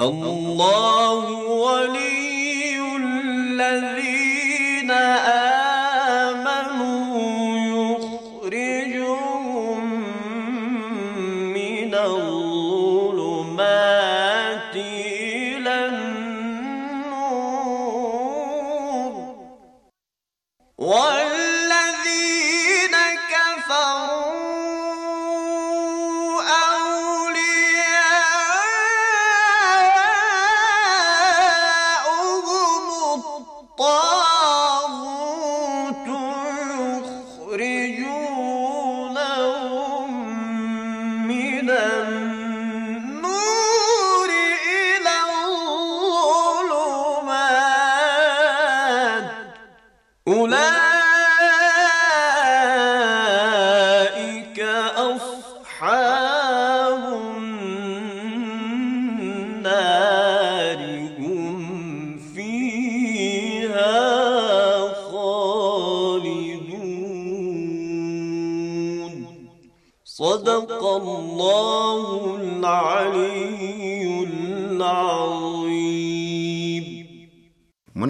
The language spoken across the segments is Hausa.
الله ولي الذي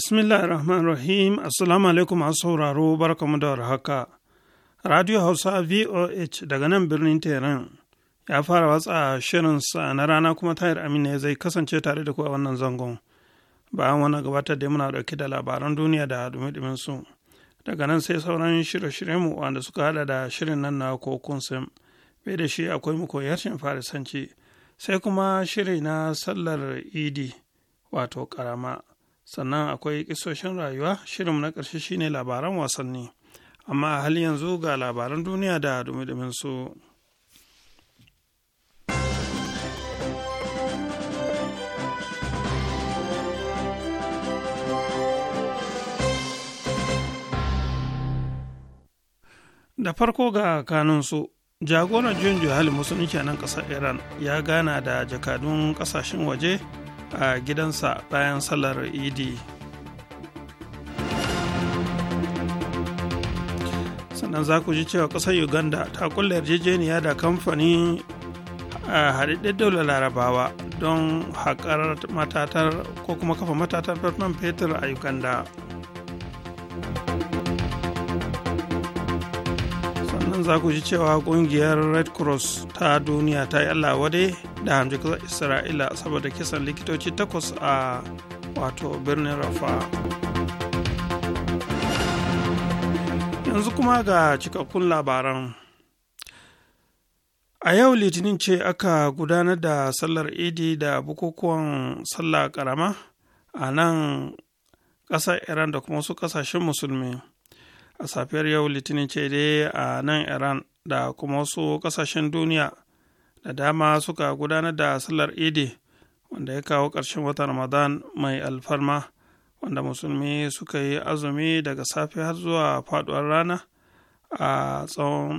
Bismillah rahman rahim Assalamu alaikum masu sauraro barkamu da haka. Radio Hausa VOH daga nan birnin teran ya fara watsa shirinsa na rana kuma tayar amina zai kasance tare da ku wannan zangon. Bayan wani gabatar da muna dauke da labaran duniya da dumi su. Daga nan sai sauran shirye-shiryenmu wanda suka hada da shirin nan na kokun sim Bai da shi akwai mu koyarshin farisanci sai kuma shiri na sallar idi wato karama. sannan akwai kisoshin rayuwa shirin na ƙarshe shine labaran wasanni amma a hali yanzu ga labaran duniya da dumi su. da farko ga su jagoran juyin juhali musulunci a nan ƙasar iran ya gana da jakadun ƙasashen waje a gidansa bayan sallar idi sannan za ku ji cewa ƙasar uganda ta kulle yarjejeniya da kamfanin a haɗaɗɗen daular larabawa don haƙar matatar ko kuma kafa matatar man fetur a uganda zaku za ji cewa kungiyar red cross ta duniya ta yi allah wade da hamjikar isra'ila saboda kisan likitoci takwas a wato birnin rafa yanzu kuma ga cikakkun labaran a yau litinin ce aka gudanar da sallar idi da bukukuwan sallah karama a nan ƙasar iran da kuma wasu ƙasashen musulmi a safiyar yau litinin ce dai a nan iran da kuma wasu kasashen duniya da dama suka gudanar da sallar idi wanda ya kawo ƙarshen watan ramadan mai alfarma wanda musulmi suka yi azumi daga safe har zuwa faduwar rana a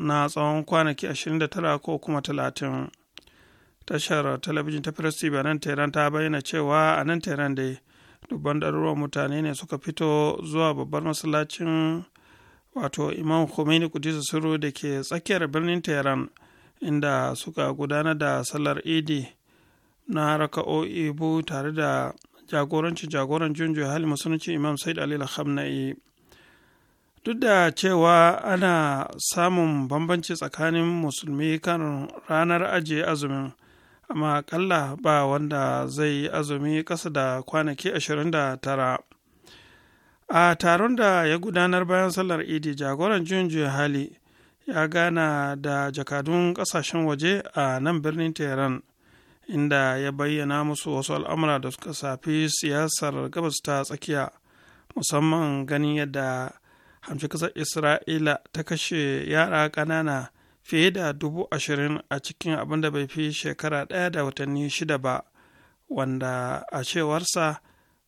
na tsawon kwanaki 29 ko kuma 30 tashar talabijin ta firas tv nan tehran ta bayyana cewa a nan tehran dai dubban ɗaruruwan mutane ne suka fito zuwa babbar masallacin wato imam khomeini kudisa suru da ke tsakiyar birnin tehran inda suka gudanar da sallar idi na raka'o'i bu tare da jagorancin jagoran junjo hali musulunci imam said ali khamna'i duk da cewa ana samun bambanci tsakanin musulmi kan ranar ajiye azumin amma kalla ba wanda zai azumi kasa da kwanaki 29 a taron da ya gudanar bayan sallar idi jagoran juyin hali ya gana da jakadun kasashen waje a nan birnin tehran inda ya bayyana musu wasu al'amura da suka safi siyasar gabas ta tsakiya musamman ganin yadda hamshi kasar isra'ila ta kashe yara ƙanana fiye da dubu ashirin a cikin abin da bai fi shekara ɗaya da watanni shida ba wanda a cewarsa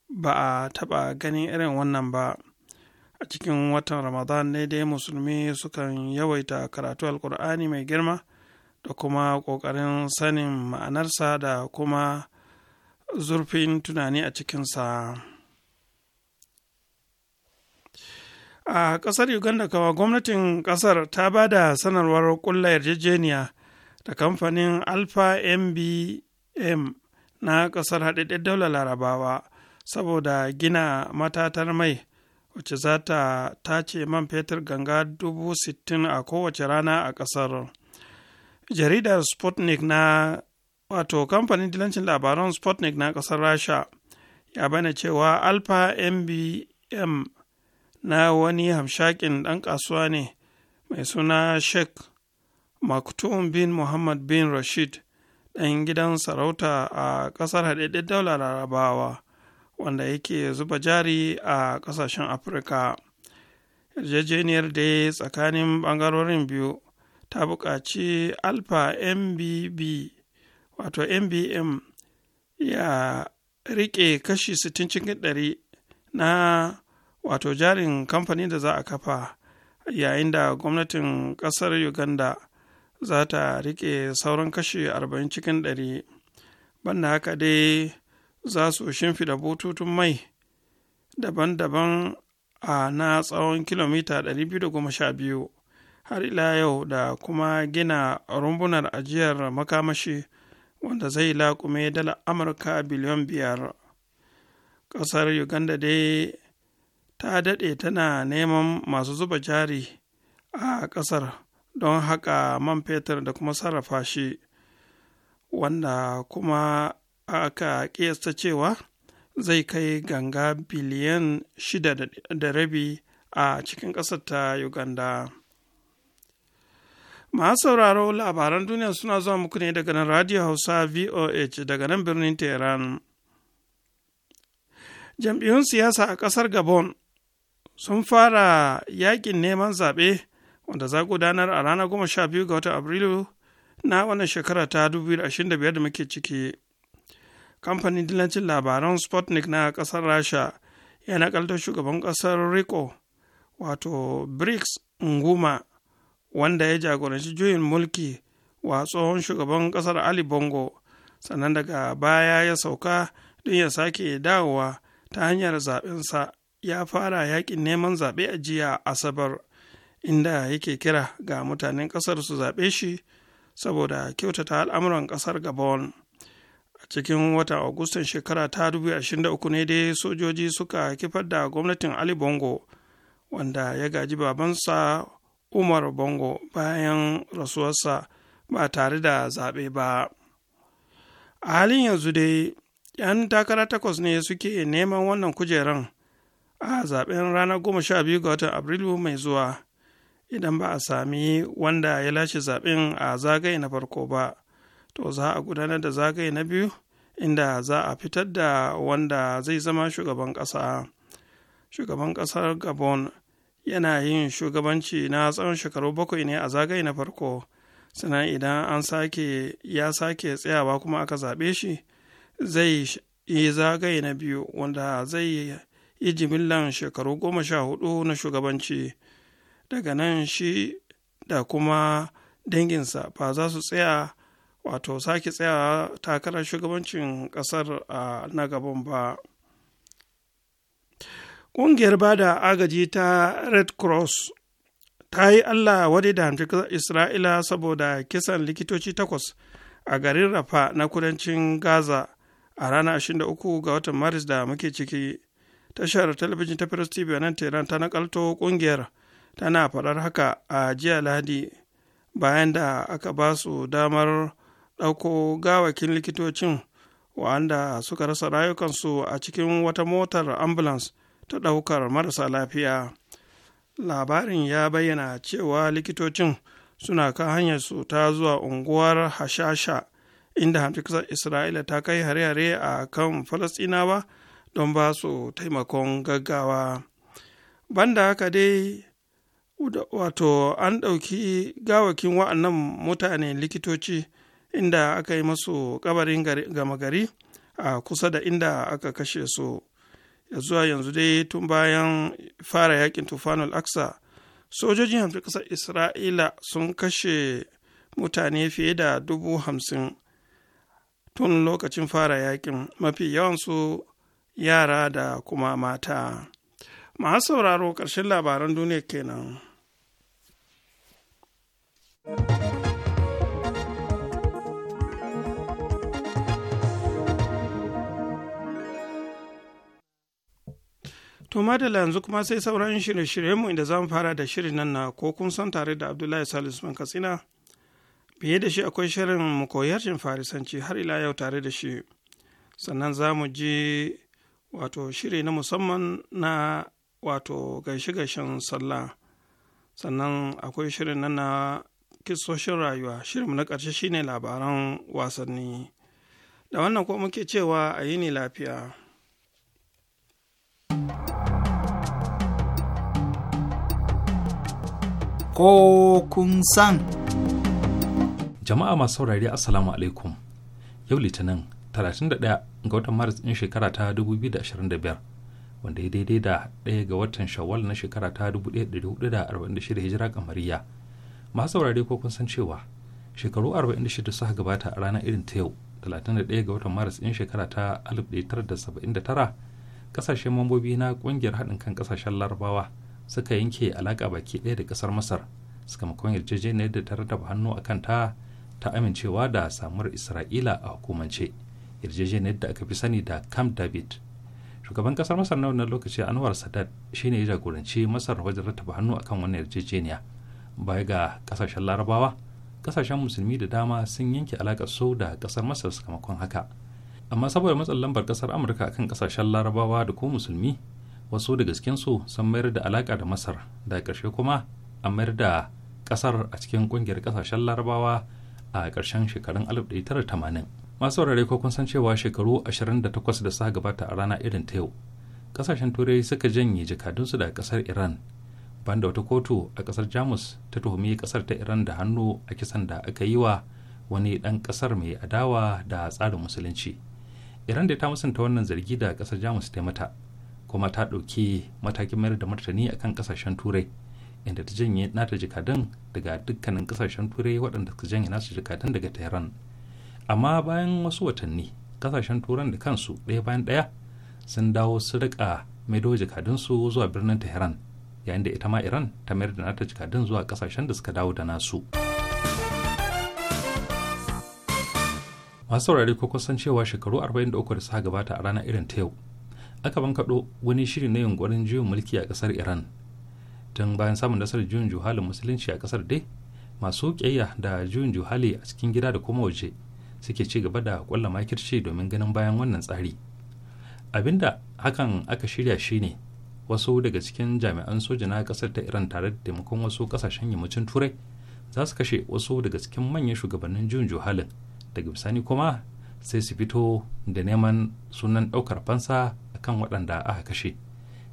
ba a taɓa ganin irin wannan ba a cikin watan ramadan ne dai musulmi sukan yawaita karatu alkur'ani mai girma da kuma ƙoƙarin sanin ma'anarsa da kuma zurfin tunani a cikinsa a ƙasar uganda kawa gwamnatin ƙasar ta ba da sanarwar ƙulla yarjejeniya da kamfanin alpha mbm na ƙasar haɗaɗɗen daular larabawa saboda gina matatar mai wacce za ta tace man fetur ganga dubu sittin a kowace rana a ƙasar jaridar sputnik na wato kamfanin dilancin labaran sputnik na ƙasar rasha ya bane cewa alfa mbm na wani hamshakin ɗan kasuwa ne mai suna sheikh maktoum bin muhammad bin rashid ɗan gidan sarauta a ƙasar haɗaɗɗen daular larabawa wanda yake zuba jari a kasashen afirka yarjejeniyar da tsakanin bangarorin biyu ta buƙaci alfa mbb wato mbm ya riƙe kashi 60 cikin dari na wato jarin kamfanin da za a kafa yayin da gwamnatin ƙasar uganda za ta riƙe sauran kashi 40 cikin dari banda haka dai za su shimfida bututun mai daban-daban a na tsawon kilomita 212 har ila yau da kuma gina rumbunar ajiyar makamashi wanda zai laƙume dala amurka biliyan biyar ƙasar uganda dai ta daɗe tana neman masu zuba jari a ƙasar don haƙa man fetur da kuma sarrafa shi wanda kuma aka ƙiyasta cewa zai kai ganga biliyan shida da rabi a cikin ƙasar ta uganda masu sauraro labaran duniya suna zuwa muku ne daga nan radio hausa voh daga nan birnin tehran jam'iyyun siyasa a ƙasar gabon sun fara yakin neman zaɓe wanda za gudanar a ranar goma ga watan Afrilu na wannan shekara ta 2025 da muke ciki kamfanin dillancin labaran sputnik na ƙasar rasha ya nakaltar shugaban ƙasar rico wato brics nguma wanda ya jagoranci juyin mulki wa tsohon shugaban ƙasar ali bongo sannan daga baya ya sauka don ya sake dawowa ta hanyar zaɓensa ya fara yaƙin neman zaɓe a jiya asabar inda yake kira ga mutanen ƙasar su zaɓe shi saboda kyautata al'amuran ƙasar gabon a cikin wata agustan shekara ta 2023 ne dai sojoji suka kifar da gwamnatin ali bongo wanda ya gaji babansa umar bongo bayan rasuwarsa ba tare da zaɓe ba a halin yanzu dai 'yan takara takwas ne suke neman wannan kujeran a zaɓen ranar goma sha biyu ga watan abrilu mai zuwa idan ba a sami wanda ya lashe zaɓen a zagaye na farko ba to za a gudanar da zagaye na biyu inda za a fitar da wanda zai zama shugaban ƙasa shugaban ƙasar gabon yana yin shugabanci na tsawon shekaru bakwai ne a zagaye na farko sannan idan an sake ya sake tsayawa kuma aka zaɓe shi zai yi zagaye na biyu wanda zai yi jimillan shekaru goma sha hudu na shugabanci daga nan shi da kuma danginsa ba za su tsaya wato sake tsaya takarar shugabancin ƙasar a na gaban ba ƙungiyar bada agaji ta red cross ta yi allah wadai da hamshin isra'ila saboda kisan likitoci takwas a garin rafa na kudancin gaza a ranar 23 ga watan maris da muke ciki tashar talabijin ta firas tv nan teran ta nakalto kungiyar tana faɗar haka a jiya lahadi bayan da aka ba su damar ɗauko gawakin likitocin wa'anda suka rasa rayukansu a cikin wata motar ambulance ta ɗaukar marasa lafiya labarin ya bayyana cewa likitocin suna kan hanyarsu ta zuwa unguwar hashasha inda hamfikisar isra'ila ta kai hare-hare a kan falasinawa don ba su taimakon gaggawa banda haka dai wato an ɗauki gawakin wa'annan mutane likitoci inda aka yi masu kabarin gama gari a kusa da inda aka kashe su zuwa yanzu dai tun bayan fara yakin tufanul aksa sojojin hamsin kasar isra'ila sun kashe mutane fiye da dubu hamsin tun lokacin fara yakin mafi yawansu yara da kuma mata masu sauraro ƙarshen labaran duniya kenan. To madala yanzu kuma sai sauran shirye mu inda zamu fara da shirin nan na ko kun san tare da Abdullahi Salisu Man Katsina. Biye da shi akwai shirin mu jin Farisanci har ila yau tare da shi. Sannan za mu ji wato shiri na musamman na wato gaishe-gaishen sallah. Sannan akwai shirin nan na kistoshin rayuwa. mu na ƙarshe shine labaran wasanni. Da wannan ko muke cewa a yi ne lafiya. ko kun san. Jama'a masu saurari Assalamu alaikum. Yau Litinin 31 ga watan Maris ɗin shekara ta 2025 wanda ya daidai da ɗaya ga watan Shawwal na shekara ta 1446 Hijira kamariya. Masu saurari ko kun san cewa shekaru 46 suka gabata a ranar irin ta yau 31 ga watan Maris ɗin shekara ta 1979 kasashen mambobi na kungiyar haɗin kan kasashen larabawa suka yanke alaƙa baki ɗaya da ƙasar masar sakamakon yarjejeniyar da ta rataba hannu a kanta ta amincewa da samuwar isra'ila a hukumance yarjejeniyar da aka fi sani da camp david shugaban ƙasar masar na wannan lokaci anwar sadat shine ya jagoranci masar wajen rataba hannu akan wannan yarjejeniya baya ga ƙasashen larabawa ƙasashen musulmi da dama sun yanke alaka su da kasar masar sakamakon haka amma saboda matsalar lambar ƙasar amurka akan kasashen larabawa da ko musulmi wasu da gaskensu sun mayar da alaƙa da masar da ƙarshe kuma an mayar da ƙasar a cikin ƙungiyar ƙasashen larabawa a ƙarshen shekarun 1980 masu wurare ko kun san cewa shekaru 28 da suka gabata a rana irin ta yau ƙasashen turai suka janye jakadunsu da ƙasar iran banda wata kotu a ƙasar jamus ta tuhumi ƙasar ta iran da hannu a kisan da aka yi wa wani ɗan ƙasar mai adawa da tsarin musulunci iran da ta musanta wannan zargi da ƙasar jamus ta mata kuma ta ɗauki matakin mayar da martani akan kasashen turai inda ta janye nata jikadun daga dukkanin kasashen turai waɗanda suka janye nasu jikadun daga tehran amma bayan wasu watanni ƙasashen turan da kansu ɗaya bayan ɗaya sun dawo su riƙa maido jikadunsu zuwa birnin tehran yayin da ita ma iran ta mayar da nata jikadun zuwa kasashen da suka dawo da nasu masu saurari ko kusan cewa shekaru 43 da suka gabata a ranar irin ta yau aka bankaɗo wani shiri na yunkurin juyin mulki a ƙasar iran tun bayan samun nasarar juyin juhalin musulunci a ƙasar dai masu ƙiyayya da juyin juhali a cikin gida da kuma waje suke ci gaba da ƙwallon makirci domin ganin bayan wannan tsari abinda hakan aka shirya shine wasu daga cikin jami'an soja na ƙasar ta iran tare da taimakon wasu ƙasashen yammacin turai za su kashe wasu daga cikin manyan shugabannin juyin juhalin daga bisani kuma sai su fito da neman sunan ɗaukar fansa kan waɗanda aka kashe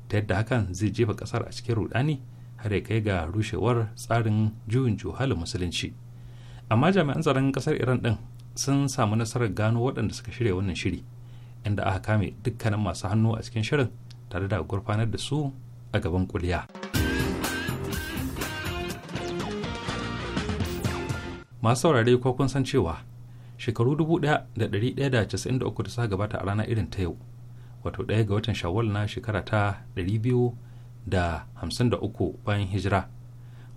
ta yadda hakan zai jefa ƙasar a cikin rudani har ya kai ga rushewar tsarin juyin juhalin musulunci amma jami'an tsaron ƙasar iran ɗin sun samu nasarar gano waɗanda suka shirya wannan shiri inda aka kame dukkanin masu hannu a cikin shirin tare da gurfanar da su a gaban kuliya. masu saurari ko kun san cewa shekaru 1193 da suka gabata a rana irin ta yau wato ɗaya ga watan shawwal na shekara ta ɗari biyu da da hamsin uku bayan hijira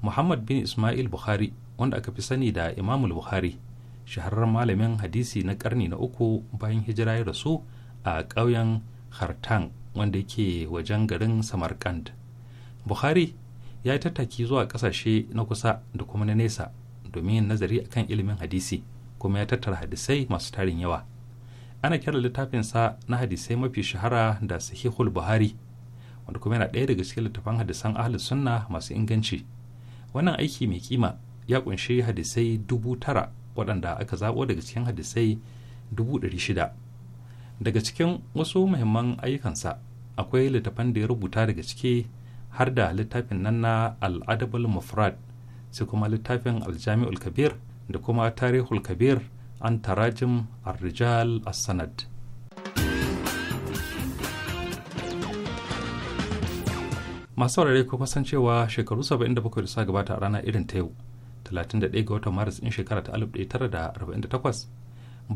muhammad bin ismail bukhari wanda aka fi sani da imamul bukhari shahararren malamin hadisi na ƙarni na uku bayan hijira ya rasu a ƙauyen hartan wanda yake wajen garin samarkand bukhari ya yi tattaki zuwa ƙasashe na kusa da kuma na nesa domin nazari akan ilimin hadisi kuma ya tattara hadisai masu tarin yawa ana kira littafinsa na hadisai mafi shahara da sahihul buhari wanda kuma yana ɗaya daga cikin littafan hadisan ahlus sunna masu inganci wannan aiki mai kima ya kunshi hadisai dubu tara waɗanda aka zaɓo daga cikin hadisai dubu ɗari shida daga cikin wasu muhimman ayyukansa akwai littafan da ya rubuta daga ciki har da littafin nan na al'adabul mufrad sai kuma littafin aljami'ul kabir da kuma tarihul kabir an tarajim arrijal as-sanad masu saurare ko kusan cewa shekaru 77 da suka gabata a rana irin ta yau 31 ga watan maris din shekara ta 1948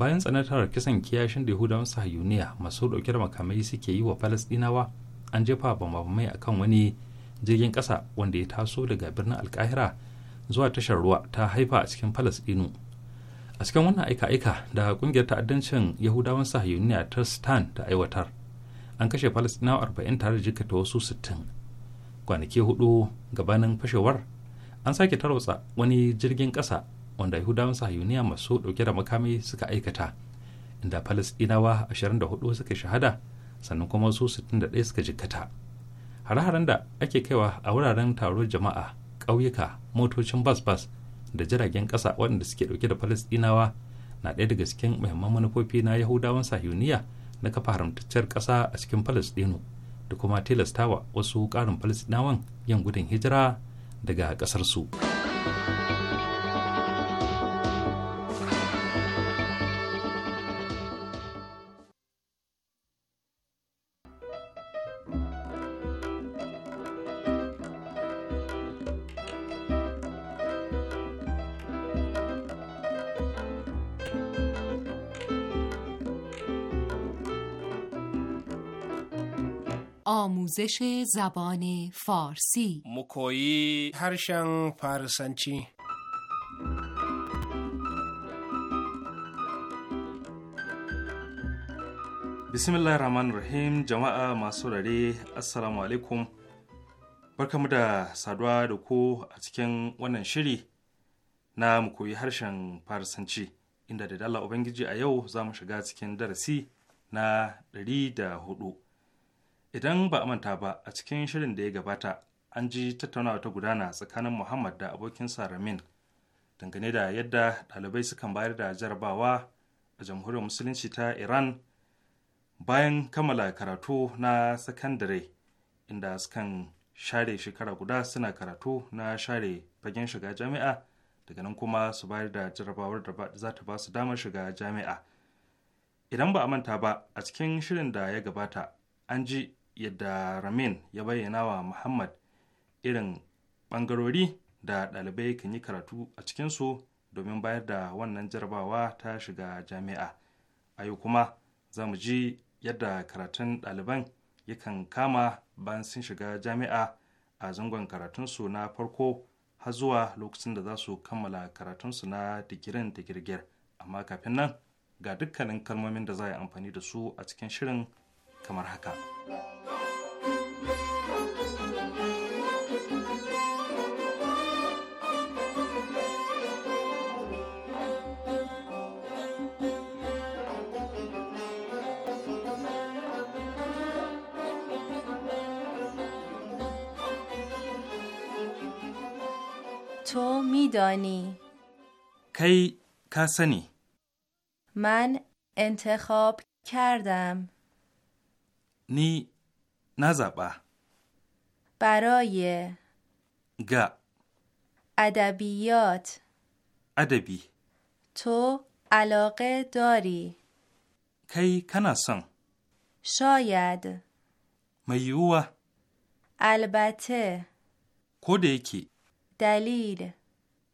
bayan tsanantar kisan kiyashin da yahudawan sahayuniya masu dauke da makamai suke yi wa falasdinawa an jefa bambamai akan wani jirgin kasa wanda ya taso daga birnin alkahira zuwa tashar ruwa ta haifa a cikin falastinu a cikin wannan aika-aika da kungiyar ta'addancin yahudawan sahiyuniya ta stan ta aiwatar an kashe falastinawa arba'in tare da jikata wasu sittin kwanaki hudu gabanin fashewar an sake tarwatsa wani jirgin kasa wanda yahudawan sahiyuniya masu ɗauke da makami suka aikata inda falastinawa 24 suka shahada sannan kuma wasu 61 suka jikkata hare-haren da ake kaiwa a wuraren taron jama'a ƙauyuka motocin bas-bas da jiragen ƙasa waɗanda suke ɗauke da falasɗinawa na ɗaya daga cikin muhimman manufofi na yahudawan sahiyuniya na kafa haramtacciyar ƙasa a cikin falasɗinu da kuma tilastawa wasu ƙarin falasɗinawan yin gudun hijira daga ƙasarsu. آموزش زبان فارسی مکویی harshen فارسنچی بسم الله الرحمن الرحیم جماعه masu rare assalamu alaikum barkamu da saduwa da ku a cikin wannan shiri na mu koyi harshen farisanci inda da dala ubangiji a yau za mu shiga cikin darasi na 104 idan ba a manta ba a cikin shirin da ya gabata an ji tattaunawa ta gudana tsakanin muhammad da abokinsa ramin dangane da yadda ɗalibai sukan bayar da jarabawa a jamhuriyar musulunci ta iran bayan kammala karatu na sakandare inda sukan share shekara guda suna karatu na share fagen shiga jami'a daga nan kuma su bayar da jarabawar da za ta ba su damar shiga jami'a idan ba a manta ba a cikin shirin da ya gabata an ji yadda ramin ya bayyana wa muhammad irin bangarori da ɗalibai kan yi karatu a cikinsu domin bayar da wannan jarabawa ta shiga jami'a a yau kuma za mu ji yadda karatun ɗaliban yakan kama bayan sun shiga jami'a a zangon karatunsu na farko har zuwa lokacin da za su kammala karatunsu na digirin da girgir amma kafin nan ga dukkanin kalmomin da za a yi amfani da su a cikin shirin kamar haka. تو میدانی کی کسانی من انتخاب کردم ni na zaɓa baroye ga Adabiyot. adabi to alaƙe dori kai kana son Shoyad. mai yiwuwa albate ko da yake dalil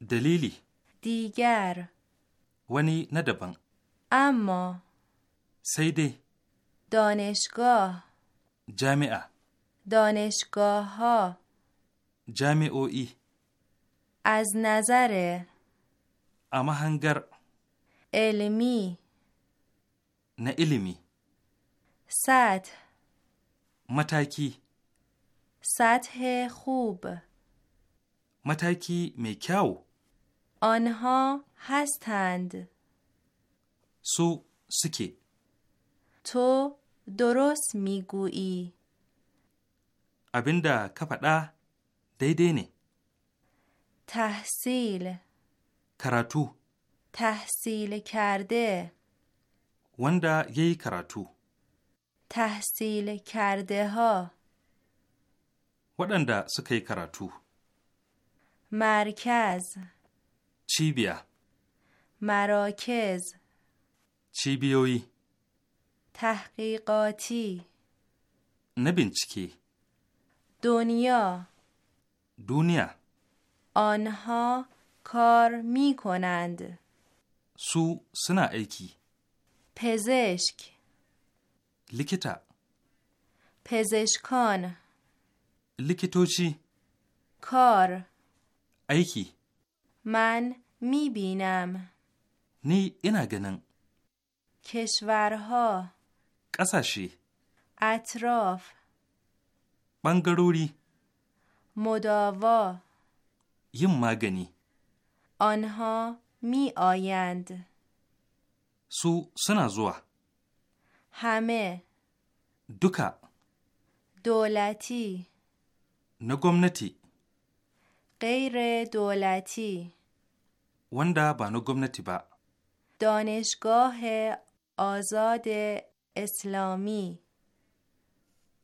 dalili digar wani na daban amma sai dai دانشگاه جامعه دانشگاه ها ای از نظر اما هنگر علمی نه علمی سطح متاکی سطح خوب متاکی میکاو آنها هستند سو سکی تو درست میگویی ابین که فدا دیده نی تحصیل کراتو تحصیل کرده وندا یه کراتو تحصیل کرده ها ودند سکه کراتو مرکز چی بیا مراکز چی بیوی. تحقیقاتی چکی دنیا دنیا آنها کار می کنند سو سنا ایکی پزشک لیکتا پزشکان لیکتوچی کار ایکی من می بینم نی اینا گنن کشورها کساشی؟ اطراف بنگروری مداوا یم ماگنی آنها می آیند سو سنازوا همه دکا دولتی نگمنتی غیر دولتی وندا با نگمنتی با دانشگاه آزاد اسلامی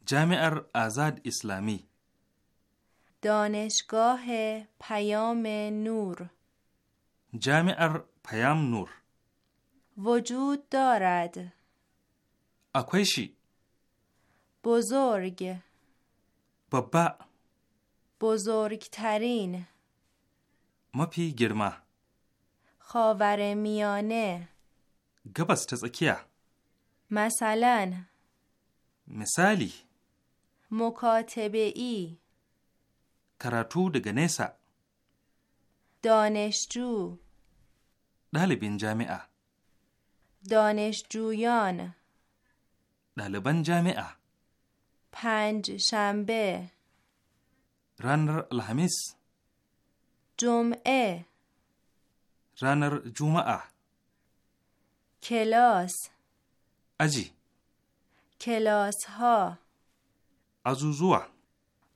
جامعه آزاد اسلامی دانشگاه پیام نور جامعه پیام نور وجود دارد اکویشی بزرگ بابا بزرگترین مپی گرمه خاور میانه گبس تزکیه مثلا مثالی مکاتبه ای کراتو دگه دانشجو دانشجو ɗalibin جامعه دانشجویان ɗaliban جامعه پنج شنبه رانر الهمیس جمعه رانر جمعه کلاس اجی کلاس ها ازوزوا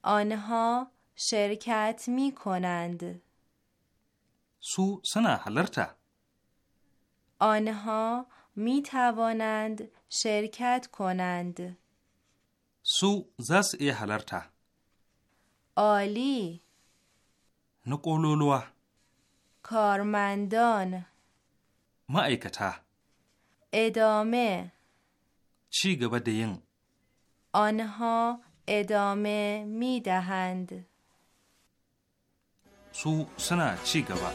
آنها شرکت می کنند سو سنا حلرتا آنها می توانند شرکت کنند سو زس ای حلرتا عالی نقولولوا کارمندان مa'aikata ادامه چی گبه دین آنها ادامه می دهند سو سنا چی گبه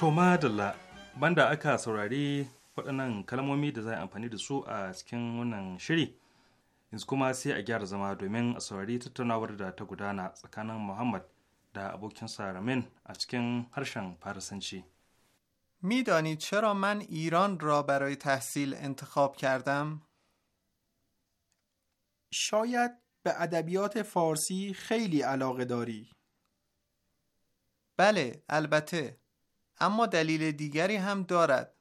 To madalla banda aka saurari waɗannan kalmomi da za a amfani da su a cikin wannan shiri yanzu kuma sai a gyara zama domin a saurari tattaunawar da ta gudana tsakanin muhammad da abokinsa ramin a cikin harshen farisanci midani چرا من ایران را برای تحصیل انتخاب کردم؟ شاید به ادبیات فارسی خیلی علاقه داری. بله، البته. اما دلیل دیگری هم دارد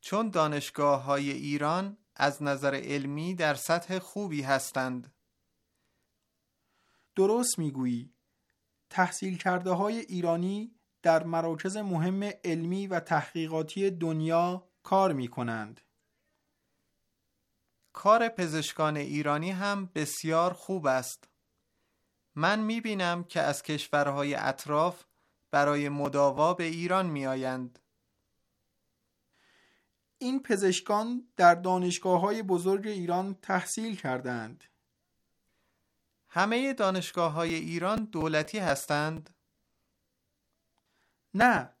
چون دانشگاه های ایران از نظر علمی در سطح خوبی هستند درست میگویی تحصیل کرده های ایرانی در مراکز مهم علمی و تحقیقاتی دنیا کار می کنند. کار پزشکان ایرانی هم بسیار خوب است. من می بینم که از کشورهای اطراف برای مداوا به ایران می آیند. این پزشکان در دانشگاه های بزرگ ایران تحصیل کردند. همه دانشگاه های ایران دولتی هستند؟ نه،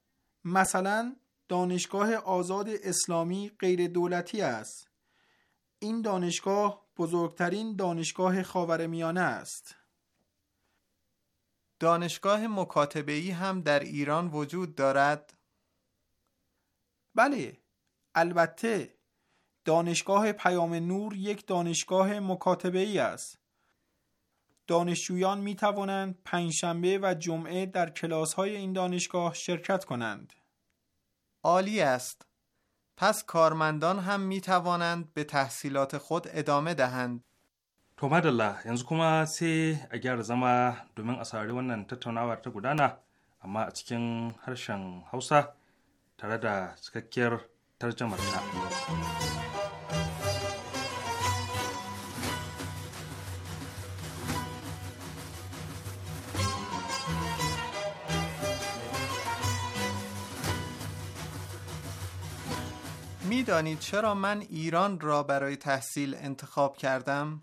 مثلا دانشگاه آزاد اسلامی غیر دولتی است. این دانشگاه بزرگترین دانشگاه خاورمیانه است. دانشگاه مکاتبه هم در ایران وجود دارد؟ بله البته دانشگاه پیام نور یک دانشگاه مکاتبه ای است دانشجویان می توانند پنجشنبه و جمعه در کلاس های این دانشگاه شرکت کنند عالی است پس کارمندان هم می توانند به تحصیلات خود ادامه دهند To madalla yanzu kuma sai a gyara zama domin a saurari wannan tattaunawar ta gudana amma a cikin harshen Hausa tare da cikakkiyar tarjamarta. میدانید چرا من ایران را برای تحصیل انتخاب کردم؟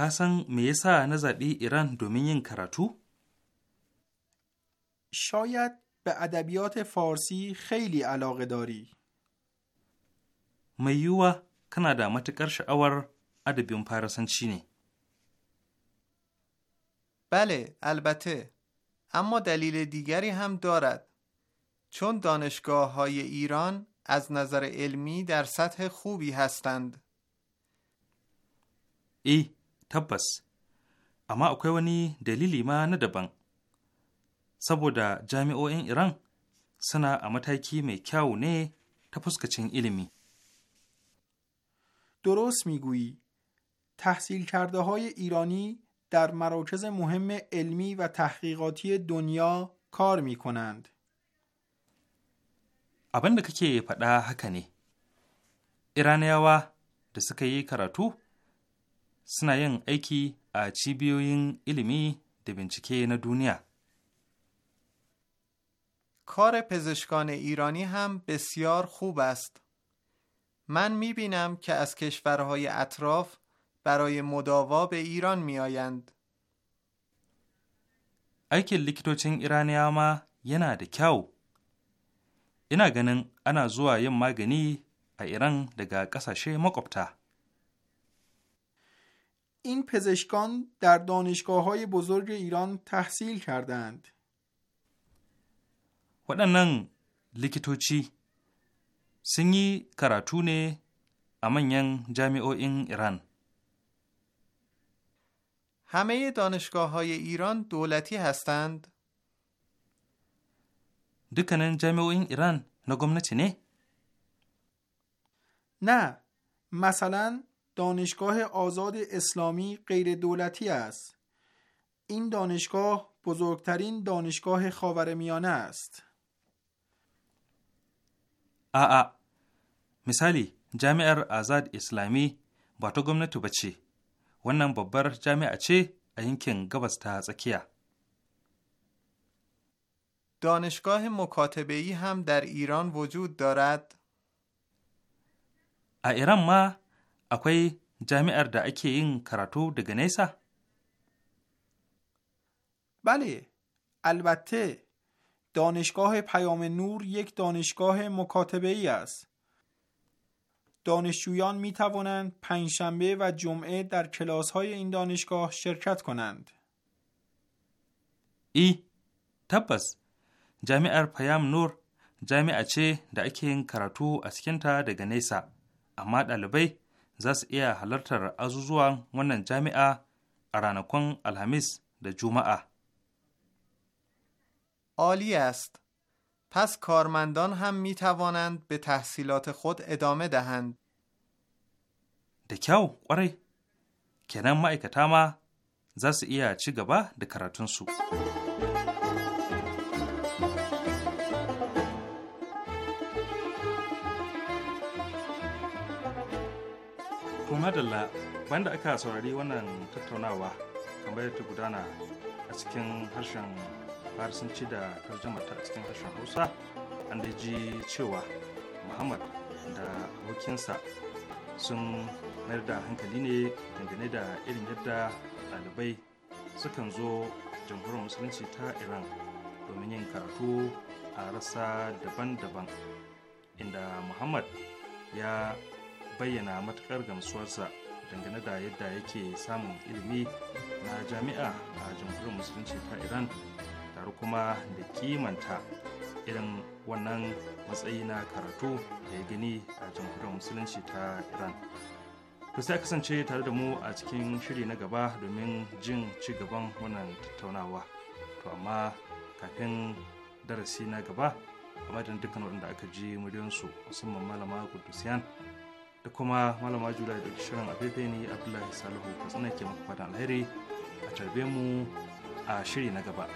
ka san me yasa ایران دومین yin شاید به ادبیات فارسی خیلی علاقه داری. میوه کانادا da matuƙar sha'awar adabin farasanci بله البته اما دلیل دیگری هم دارد چون دانشگاه های ایران از نظر علمی در سطح خوبی هستند ای tabbas amma akwai wani dalili ma na daban saboda jami'o'in iran suna a mataki mai kyau ne ta fuskacin ilimi درست میگویی تحصیل کرده های ایرانی در مراکز مهم علمی و تحقیقاتی دنیا کار می کنند. abin da kake faɗa haka ne iraniyawa da suka yi karatu suna yin aiki a cibiyoyin ilimi da bincike na duniya. کار پزشکان ایرانی هم بسیار خوب است. من می بینم که از کشورهای اطراف برای مداوا به ایران می آیند. ایک لکتوچین ایرانی اما ینا ده کیاو. اینا گنن انا زوا یم مگنی ایران دگا قصاش مقبته. این پزشکان در دانشگاه های بزرگ ایران تحصیل کردند. waɗannan likitoci sun yi karatu ne a manyan jami'o'in همه دانشگاه های ایران دولتی هستند؟ دکنن این ایران نگم نه؟ نه مثلا دانشگاه آزاد اسلامی غیر دولتی است. این دانشگاه بزرگترین دانشگاه خاورمیانه است. آ مثالی جامعه آزاد اسلامی با تو گمنه تو بچی wannan babbar جامعه چی a yankin gabas ta tsakiya. دانشگاه مکاتبه ای هم در ایران وجود دارد؟ ایران ما akwai jami'ar da ake yin karatu daga nesa? بله البته دانشگاه پیام نور یک دانشگاه مکاتبه ای است دانشجویان می توانند پنجشنبه و جمعه در کلاس های این دانشگاه شرکت کنند ای تبس جامعه پیام نور جامعه چه در این کراتو اسکنتا دگه نیسا اما دالبی za su iya halartar azuzuwan wannan jami'a a ranakun Alhamis da Juma'a. عالی است. پس کارمندان هم می توانند به تحصیلات خود ادامه Da kyau kwarai, kenan ma'aikata ma za su iya ci gaba da karatunsu. madalla bayan da aka saurari wannan tattaunawa kamar yadda gudana a cikin harshen farisanci da tarjamata a cikin harshen hausa an da ji cewa muhammad da abokinsa sun mayar da hankali ne dangane da irin yadda ɗalibai sukan zo jamhuriyar musulunci ta iran domin yin karatu a rasa daban-daban inda muhammad ya bayyana matukar gamsuwarsa dangane da yadda yake samun ilimi na jami'a a jamhuriyar musulunci ta iran tare kuma da kimanta irin wannan matsayi na karatu da ya gani a jamhuriyar musulunci ta iran ku sai kasance tare da mu a cikin shiri na gaba domin jin ci gaban wannan tattaunawa to amma kafin darasi na gaba a madadin dukkan waɗanda aka ji muryansu musamman malama kudusiyan da kuma malama jula da shirin afefe ne abdullahi salihu katsina ke maka fatan alheri a tarbe mu a shiri na gaba.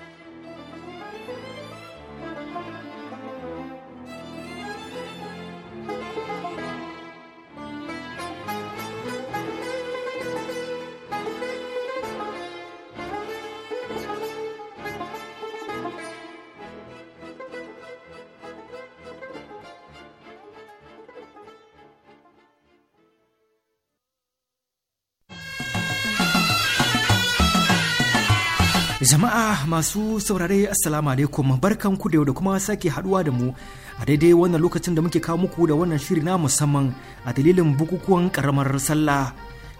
Jama'a masu saurare Assalamu alaikum barkan ku da yau da kuma sake haduwa da mu a daidai wannan lokacin da muke kawo muku da wannan shiri na musamman a dalilin bukukuwan karamar sallah.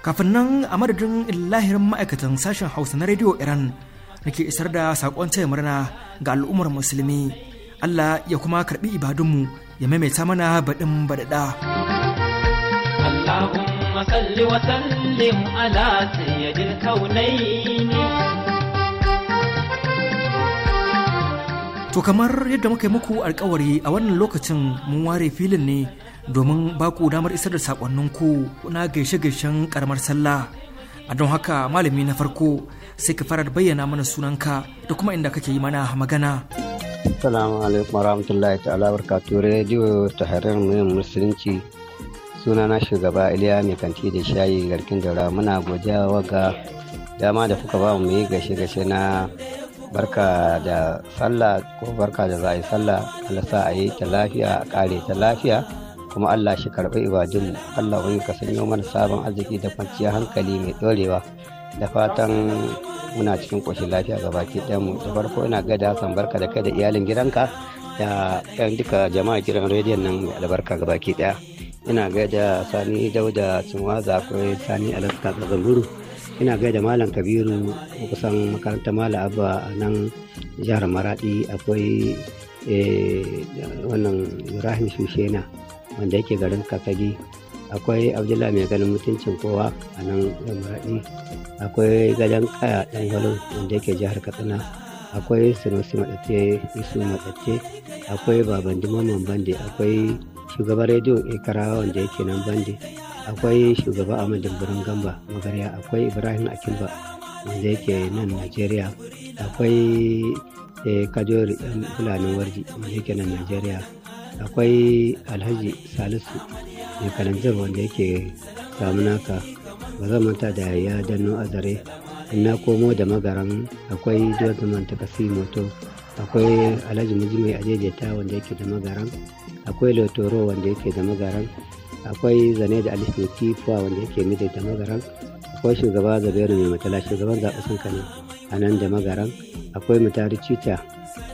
Kafin nan a madadin lahirin ma'aikatan sashen Hausa na rediyo Iran na ke isar da saƙon taya murna ga al'ummar musulmi. Allah ya kuma karɓi ibadunmu ya maimaita mana baɗin baɗaɗa. Allahumma salli wa sallim ala sayyidil kaunaini To kamar yadda muka yi muku alkawari a wannan lokacin mun ware filin ne domin ba ku damar isar da sakonninku na gaishe-gaishen karamar sallah. A don haka malami na farko sai ka fara bayyana mana sunanka da kuma inda kake yi mana magana. Assalamu alaikum warahmatullahi ta'ala barkatu rediyo ta harar muhimmin musulunci sunana shugaba Iliya mai kanti da shayi garkin daura muna godiya ga dama da kuka ba mu yi gaishe gashe na barka da sallah ko barka da za a yi sallah Allah sa a yi ta lafiya a kare ta lafiya kuma Allah shi karɓi ibadun Allah wani ka sanyo mana sabon arziki da kwanciyar hankali mai ɗorewa da fatan muna cikin ƙoshin lafiya ga baki mu da farko ina gada san barka da kai da iyalin gidanka da yan duka jama'a gidan rediyon nan mai albarka ga baki ɗaya ina gaida sani dauda cinwaza akwai sani alaska tsazamburu ina gaida malam kabiru kusan makaranta malam abba a nan jihar maradi akwai eh, wannan ibrahim shushena wanda yake garin kakagi akwai abdullahi mai ganin mutuncin kowa a nan maradi akwai gadon kaya dan yalo wanda yake jihar katsina akwai sinosi matsatse isu matsatse akwai baban mamman bande akwai shugaban rediyo ekara wanda yake nan bande akwai shugaba ahmad birnin gamba magarya akwai ibrahim akimba wanda yake nan nigeria akwai eh, kajori dan eh, fulanin warji wanda yake nan nigeria akwai alhaji salisu mai kalanzar wanda yake samunaka ba zan manta da ya a zare. na komo da magaran akwai dozman takasi moto akwai alhaji mujimai ajejeta wanda yake da magaran akwai lotoro wanda yake da magaran akwai zane da mai kifuwa wanda yake midai da magaran akwai shugaba zabairu mai matala shugaban sun kane a nan da magaran akwai mutari cita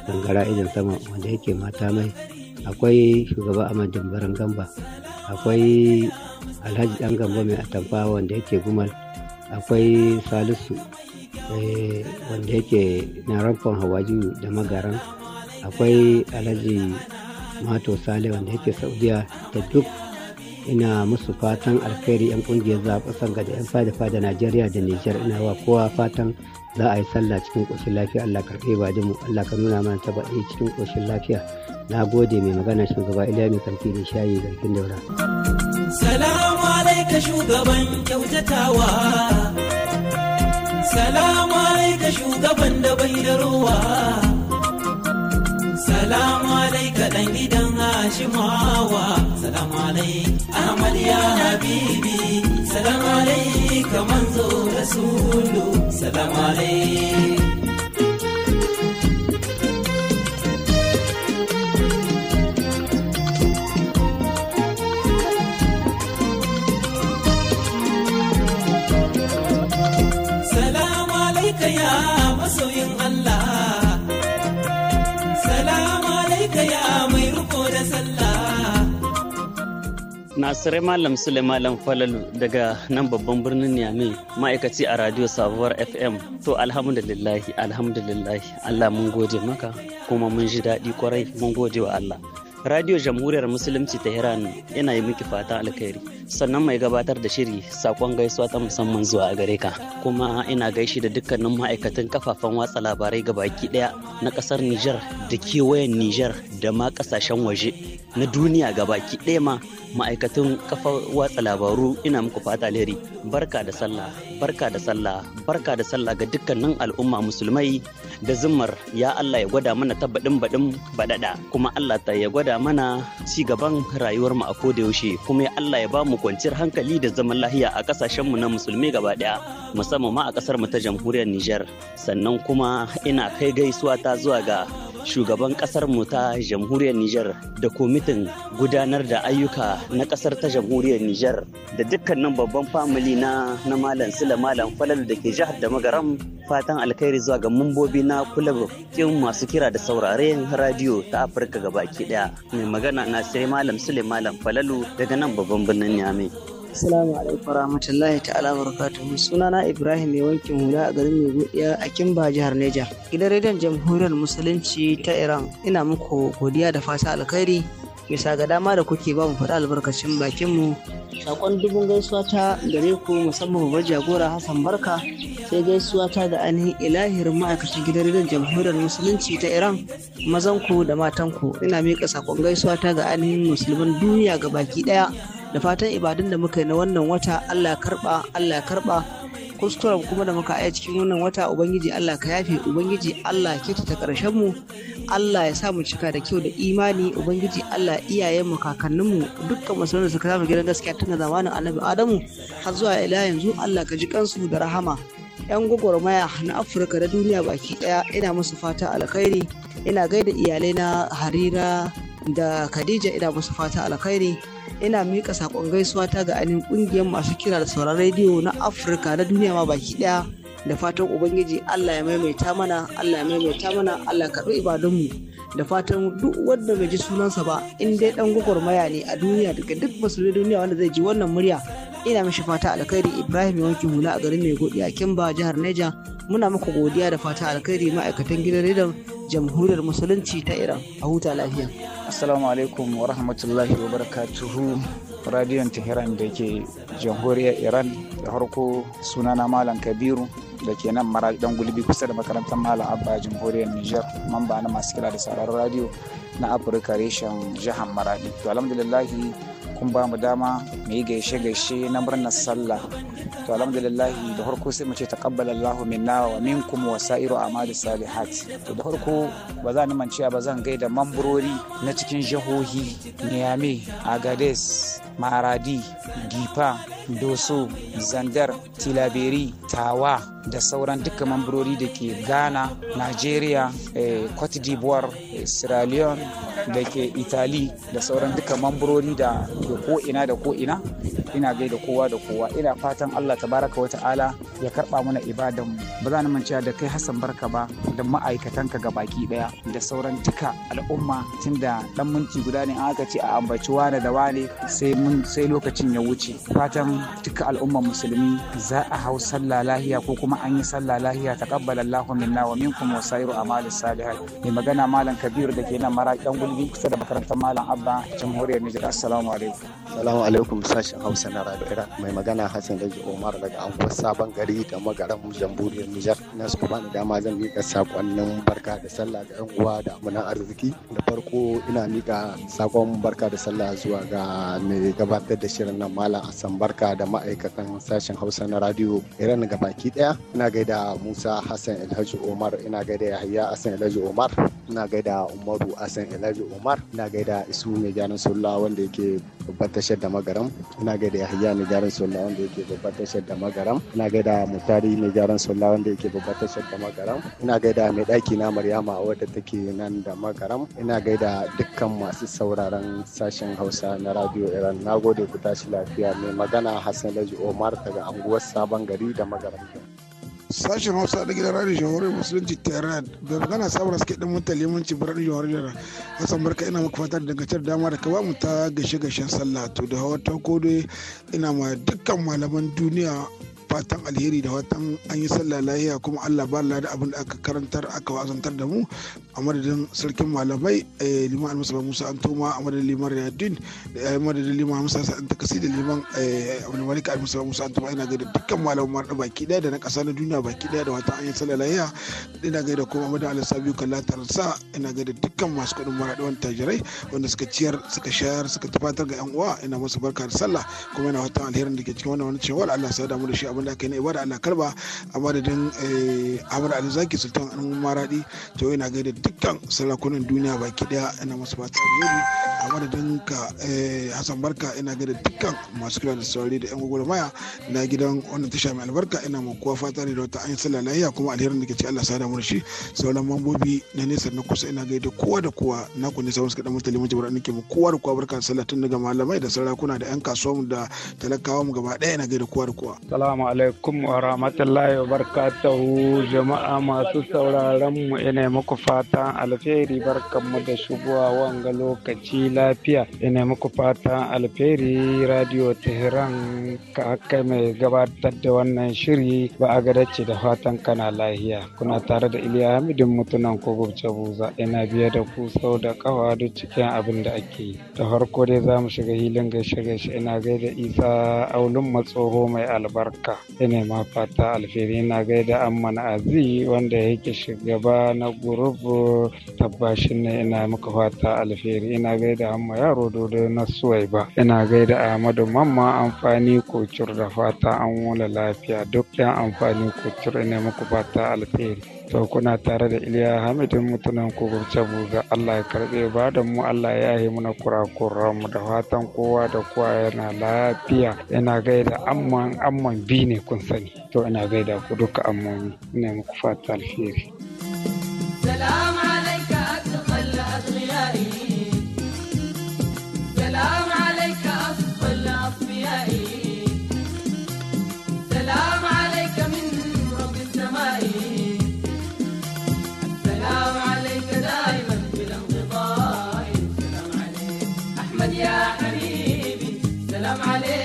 gangara idan sama wanda yake mata mai akwai shugaba ahmad dambaran gamba akwai alhaji dan gamba mai atamfa wanda yake gumal akwai salisu eh, wanda yake na hawa hawajiyu da magaran akwai alhaji mato sale wanda yake saudiya da duk ina musu fatan alkhairi 'yan kungiyar zaɓen ga da 'yan fada fada najeriya da nijar ina wa kowa fatan za a yi sallah cikin ƙoshin lafiya allah karɓe ba mu allah ka nuna mana ta baɗi cikin koshin lafiya na gode mai magana shugaba iliya mai karfi da shayi garkin daura. salamu alaika shugaban kyautatawa salamu alaika shugaban da bai da ruwa salamu alaika ɗan gidan jimawa salam alai ahmad ya habibi salam alai kaman zo rasulu salam alai Nasirai Malam Sule Malam Falalu daga nan babban birnin Niamey ma'aikaci a Radio Sabuwar FM. To alhamdulillahi alhamdulillahi Allah mun gode maka kuma mun ji daɗi kwarai mun gode wa Allah. Radio Jamhuriyar Musulunci Tehran yana yi miki fata alkhairi. Sannan mai gabatar da shiri sakon gaisuwa ta musamman zuwa a gare ka. Kuma ina gaishe da dukkanin ma'aikatan kafafen watsa labarai baki daya na kasar Nijar da kewayen Nijar da ma kasashen waje na duniya gabaki daya ma ma'aikatan kafa watsa labaru ina muku fata alheri. Barka da sallah, barka da sallah, barka da sallah ga dukkanin al'umma musulmai da zimmar ya Allah ya gwada mana tabbadin baɗin badada kuma Allah ta ya gwada gwada mana ci gaban rayuwar mu a koda yaushe kuma Allah ya ba mu kwanciyar hankali da zaman lahiya a kasashen mu na musulmi gaba daya musamman ma a kasar mu ta jamhuriyar Niger sannan kuma ina kai gaisuwa ta zuwa ga shugaban kasar mu ta jamhuriyar Nijar da komitin gudanar da ayyuka na kasar ta jamhuriyar Nijar da dukkanin babban famili na na Malam Sula Malam Falalu da ke jihar da Magaram fatan alkhairi zuwa ga mambobi na kulabin masu kira da sauraren radiyo ta Afirka gabaki daya. mai magana na sai malam sule malam falalu daga nan babban birnin niamey Assalamu alaikum warahmatullahi ta'ala barakatuhu sunana Ibrahim mai wankin hula a garin godiya a Kimba jihar Neja. Gidan rediyon Jamhuriyar Musulunci ta Iran ina muku godiya da fata alkhairi bisa ga dama da kuke ba mu faɗa albarkacin bakin mu sakon dubun gaisuwa ta gare ku musamman babbar jagora Hassan Barka sai gaisuwa ta da ainihin ilahir ma'aikacin gidan rijiyar jamhuriyar musulunci ta Iran mazan ku da matan ku ina miƙa sakon gaisuwa ta ga ainihin musulman duniya ga baki ɗaya da fatan ibadun da muka yi na wannan wata Allah karba Allah karba. kuskuren kuma da muka aya cikin wannan wata ubangiji Allah ka yafe ubangiji Allah ke ta karshen mu Allah ya sa mu cika da kyau da imani ubangiji Allah iyayen mu kakannin mu dukkan masoyan da suka samu gidan gaskiya tun zamanin Annabi Adamu har zuwa ila yanzu Allah ka ji kansu da rahama yan gwagwarmaya na Afirka da duniya baki daya ina musu fata alkhairi ina gaida iyalai na Harira da Khadija ina musu fata alkhairi ina mika sakon gaisuwa ta ga ainihin kungiyar masu kira da sauran rediyo na afirka na duniya ma baki daya da fatan ubangiji allah ya maimaita mana allah ya maimaita mana allah ya karbi ibadunmu da fatan duk wanda bai ji sunansa ba in dai dan maya ne a duniya daga duk musulmi duniya wanda zai ji wannan murya ina mishi fata alkhairi ibrahim ya wanke hula a garin mai godiya kimba jihar neja muna muku godiya da fata alkhairi ma'aikatan gidan redon jamhuriyar musulunci ta iran a huta lafiya assalamu alaikum wa rahmatullahi wa barakatuhu radiyon tehran da ke jamhuriyar iran da harko sunana malam kabiru da ke nan mara dan gulbi kusa da makarantar malam abba jamhuriyar niger mamba na masu kira da sauraron radio na afirka reshen jihar maradi to alhamdulillahi kun ba mu dama mu yi gaishe-gaishe na murnar sallah to alhamdulillahi da harko sai mu ce taqabbal Allahu minna wa minkum wa sa'iru amali salihat to da harko ba za ni manciya ba zan gaida mamburori na cikin jihohi Niamey Agades Maradi Difa Doso Zandar Tilaberi Tawa da sauran dukkan mamburori da ke Ghana Nigeria eh, Cote d'Ivoire eh, Sierra Leone da ke Italy da sauran dukkan mamburori da nake ko ina da ko ina ina gaida kowa da kowa ina fatan Allah tabaraka wa ta'ala ya karba mana ibadan mu ba za ni cewa da kai Hassan Barka ba da ma'aikatanka ga baki daya da sauran duka al'umma tunda dan minti guda ne aka ce a ambaci wane da wane sai mun sai lokacin ya wuce fatan duka al'umma musulmi za a hau sallah lahiya ko kuma an yi sallah lahiya taqabbala Allahu minna wa minkum wa sairu amalis salihat mai magana malam Kabiru da ke nan dan gulbi kusa da makarantar malam Abba jamhuriyar Nijar assalamu alaikum Salamu alaikum sashen Hausa na Radio Iran mai magana Hassan Daji Omar daga anguwar Sabon Gari da Magaran Jamhuriyar Nijar. Na su bani dama zan mika sakonnin barka da sallah ga 'yan uwa da amanan arziki. Da farko ina mika sakon barka da sallah zuwa ga mai gabatar da shirin nan Malam Hassan Barka da ma'aikatan sashen Hausa na Radio Iran ga baki daya. Ina gaida Musa Hassan Alhaji Omar, ina gaida Yahaya Hassan Alhaji Omar, ina gaida Umaru Hassan Alhaji Omar, ina gaida Isu mai gyaran sulla wanda yake babbar tashar da magaram ina gaida yahaya na jaran sola wanda yake babbar tashar da magaram ina gaida mutari mai jaran sola wanda yake babbar tashar da magaram ina gaida mai ɗaki na maryama wadda take nan da magaram ina gaida dukkan masu sauraron sashen hausa na radio iran na gode ku tashi lafiya mai magana hassan laji omar daga anguwar sabon gari da magaram sashen hausa da gidan radio jamhuriyar musulunci tehran da magana sabon suke din mutan limanci birnin jamhuriyar jihar hassan barka ina maka da dangantar dama da ka mu ta gashe gashen sallah to da hawa ta kodai ina ma dukkan malaman duniya fatan alheri da watan an yi sallah lahiya kuma Allah ba da abin da aka karantar aka wazantar da mu a madadin sarkin malamai eh, liman almasa musa an toma a madadin liman yadin da ya eh, madadin liman musa sa'an kasi da liman eh, abdulmalik almasa musa an toma ina gaida dukkan malamai da baki daya da na kasa na duniya baki daya da watan an yi sallah lahiya ina gaida kuma madadin alisa biyu kalla taransa ina gaida dukkan masu kuɗin wani tajirai wanda suka ciyar suka shayar suka tufatar ga yan uwa ina musu barka da sallah kuma ina watan alherin da ke cikin wannan wani cewa Allah sa damu da shi a abin da aka yi na ibada Allah karba a madadin eh, Ahmad Ali Zaki Sultan an Maradi to ina gaida dukkan sarakunan duniya baki daya ina masu fata alheri a madadin ka eh, Hassan Barka ina gaida dukkan masu kula da saurari da yan maya na gidan wannan tasha mai albarka ina mu kuwa fata ne da wata an sallah lafiya kuma alherin da ke ce Allah sada murshi shi sauran mambobi na nesa na kusa ina gaida kowa da kowa na ku ne sauran suka dan mutane mun an nake mu kowa da kowa barka sallah tun daga malamai da sarakuna da yan kasuwa mu da talakawa mu gaba daya ina gaida kowa da kowa alaikum wa rahmatullahi wa barakatuhu jama'a masu sauraron mu ina muku fatan alheri barkanmu da shigowa wanga lokaci lafiya ina muku fatan alheri radio tehran ka aka mai gabatar da wannan shiri ba a gadace da fatan kana lahiya kuna tare da iliya hamidin mutunan ko gubce buza ina biye da ku sau da kawa duk cikin abin da ake yi da farko dai za mu shiga hilin gaishe gaishe ina gaida isa aulun matsoho mai albarka ina ma fata alfiri na gaida amman azi wanda ya yake shugaba na gurubu tabbashin ne ina muka fata alheri ina gaida amma yaro dodo na suwai ba ina gaida ahmadu mamma amfani kucur da fata an wula lafiya duk yan amfani kucur ina muku fata alfiri to kuna tare da iliya hamidin mutunan kogar buga allah ya karbe ba da mu allah ya yi muna kurakuran mu da fatan kowa da kowa yana lafiya yana gaida amman amman bi ne kun sani to ina gaida ku duka amman ina muku fata alheri عليه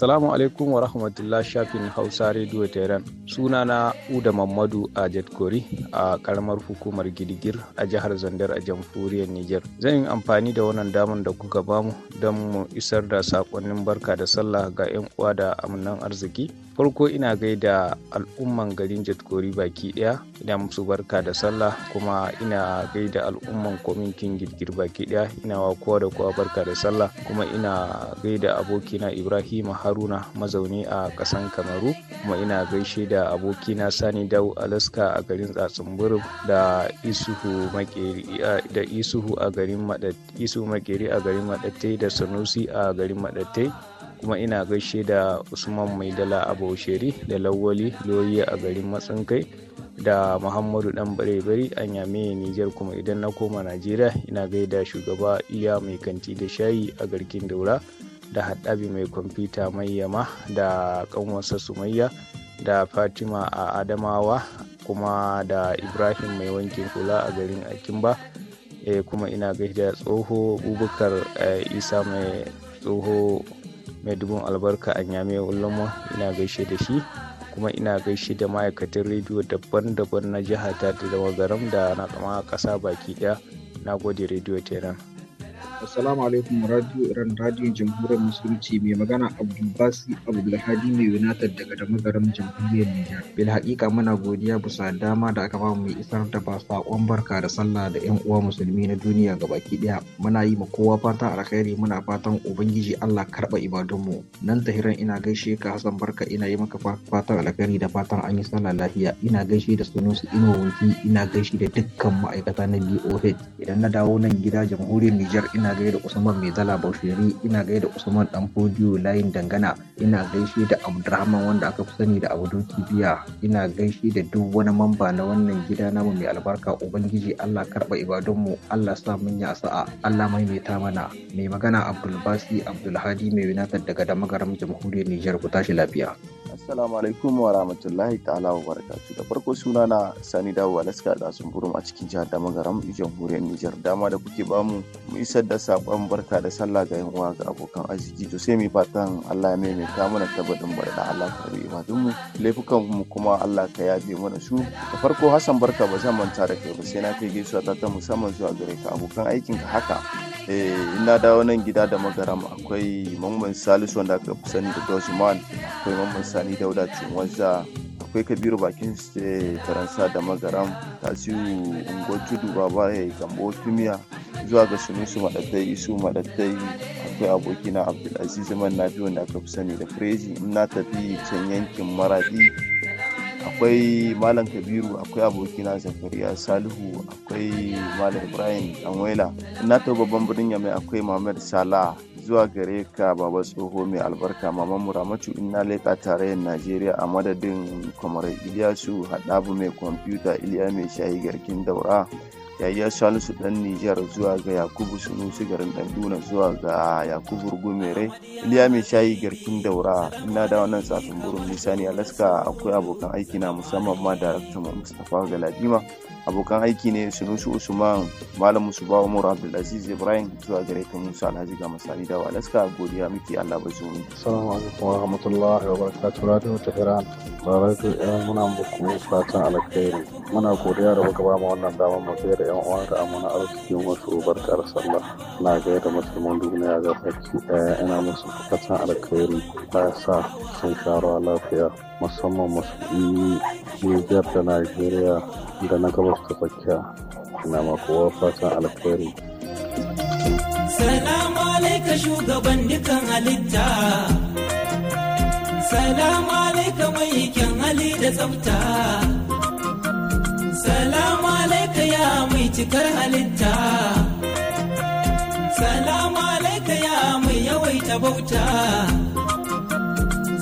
Assalamu alaikum wa rahmatullah shafin Hausa Radio Tehran. Sunana Uda Mamadu a Jatkori a karamar hukumar Gidigir a jihar Zandar a jamhuriyar niger Zan yi amfani da wannan damar da kuka bamu don mu isar da sakonnin barka da sallah ga 'yan uwa da amnan arziki. farko ina gaida al'umman garin jatkori baki daya ina musu barka da sallah kuma ina gaida al'umman kwaminkin girgir baki daya ina wa kowa da kowa barka da sallah kuma ina gaida abokina ibrahima haruna mazauni a kasan kamaru kuma ina gaishe da abokina sani dau alaska a garin tsatsunburu da makeri a garin isuhu makeri a garin madatte da sanusi a garin madatte kuma ina gaishe da usman mai dala a bausheri da lawali loyi a garin matsinkai da muhammadu dan bare-bare an yame nijar kuma idan na koma najeriya ina gaida shugaba iya mai kanti da shayi a garkin daura da haɗabi mai kwamfuta mai yama da kanwarsa sumayya da fatima a adamawa kuma da ibrahim mai wankin kula a garin akimba eh, kuma ina gaida tsoho bubukar eh, isa mai tsoho mai dubin albarka a nyame ulama ina gaishe da shi kuma ina gaishe da ma'aikatan rediyo daban-daban na jihata da garam da na kama ƙasa baki ɗaya na gode rediyo tenan Assalamu alaikum radio Iran radio jamhuriyar musulunci mai magana Abdulbasi Abdulhadi mai United daga da magarin jamhuriyar Nijar. Bil haƙiƙa muna godiya bisa dama da aka bamu mai isar da ba saƙon barka da sallah da 'yan uwa musulmi na duniya ga baki ɗaya. Muna yi ma kowa fatan alkhairi muna fatan ubangiji Allah karɓa ibadunmu. Nan tahiran ina gaishe ka Hassan Barka ina yi maka fatan alkhairi da fatan an yi sallah lafiya. Ina gaishe da sunusu ina wanki ina gaishe da dukkan ma'aikata na BOH. Idan na dawo nan gida jamhuriyar Nijar ina ina gaida Usman Mai Zala Bashiri ina gaida Usman Dan Fodiyo Layin Dangana, ina gaishe da Abdurrahman wanda aka fi sani da doki biya ina gaishe da duk wani mamba na wannan gida namu mai albarka Ubangiji Allah karba ibadunmu, Allah sa mun ya sa'a, Allah maimaita mana. Mai magana Abdul Basi Abdul Mai United daga Damagaram Jamhuriyar Nijar ku tashi lafiya. Assalamu alaikum wa rahmatullahi ta'ala wa barakatu. Da farko suna na Sani Dawo Alaska da sun a cikin jihar Damagaram Jamhuriyar Nijar. Dama da kuke bamu mu isar da saƙon barka da sallah ga yan ga abokan arziki to sai mu fatan Allah ya maimaita mana tabbatin bar da Allah ka rubi ma mu laifukan mu kuma Allah ka yafe mana su da farko Hassan barka ba zan manta da kai ba sai na kai gaisuwa ta ta musamman zuwa gare ka abokan aikin ka haka eh, ina dawo nan gida da magaram akwai mamman salisu wanda aka fi sani da dozman akwai mamman sani dauda cinwanza akwai kabiru bakin eh, faransa da magaram tasiru unguwar tudu baba ya eh, gambo tumiya zuwa ga su madattai isu madattai akwai abokina abdulaziz zaman na biyu wanda aka fi sani da frezi in na tafi can yankin maradi akwai malam kabiru akwai abokina zakariya salihu akwai malam ibrahim anwela in na tafi babban birnin yamai akwai muhammad salah zuwa gare ka baba tsoho mai albarka maman muramatu inna leƙa tarayyar najeriya a madadin kwamarar iliyasu haɗabu mai kwamfuta iliya mai shayi garkin daura yayya salisu dan nijar zuwa ga yakubu sunusi garin ɗanduna zuwa ga yakubu gumere iliya mai shayi garkin daura ina da wannan tsafin burin ne alaska akwai abokan aiki na musamman ma daraktan mustapha galadima abokan aiki ne sunusu usman malam musuba umar abdulaziz ibrahim zuwa gare ka musa alhaji ga masani da walaska godiya miki allah ba zuwa mu assalamu alaikum wa rahmatullahi wa radio tehran eh, muna muku fatan alkhairi muna godiya da baka ba wannan damar mu da yan uwa da amana arziki wasu barkar sallah na gaya da musulman duniya ga sarki ina musu fatan alkhairi ta sa sun sharuwa lafiya musamman musulmi Nijar da Najeriya da na gabas ta tsakiya na makowa fatan alkhairi. Salamu alaika shugaban dukan halitta. Salamu alaika mai kyan hali da tsafta. Salamu alaika ya mai cikar halitta. Salamu alaika ya mai yawaita bauta.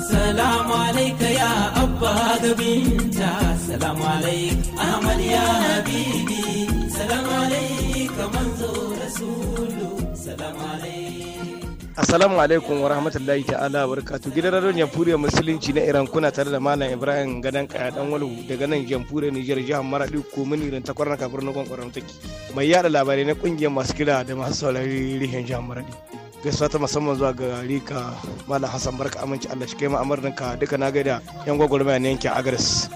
salamu alaika ya abba da binta salamu alaika amal ya habibi salamu alaika manzo rasulu salamu alaika Assalamu alaikum wa rahmatullahi ta'ala wa barakatuh. Gidan radon Jamhuriyar Musulunci na Iran kuna tare da Malam Ibrahim Gadan Kaya Dan Walu daga nan Jamhuriyar Nijar jihar Maradi ko mun irin ta kwarna kafir na gwankwaron take. Mai yada labarai na kungiyar masu kira da masu saurari rihin jihar Maradi. gaisuwa ta musamman zuwa ga rika mala hassan barka aminci allah shi kai ma'amarin ka duka na gaida yan gwagwarmaya na yankin agres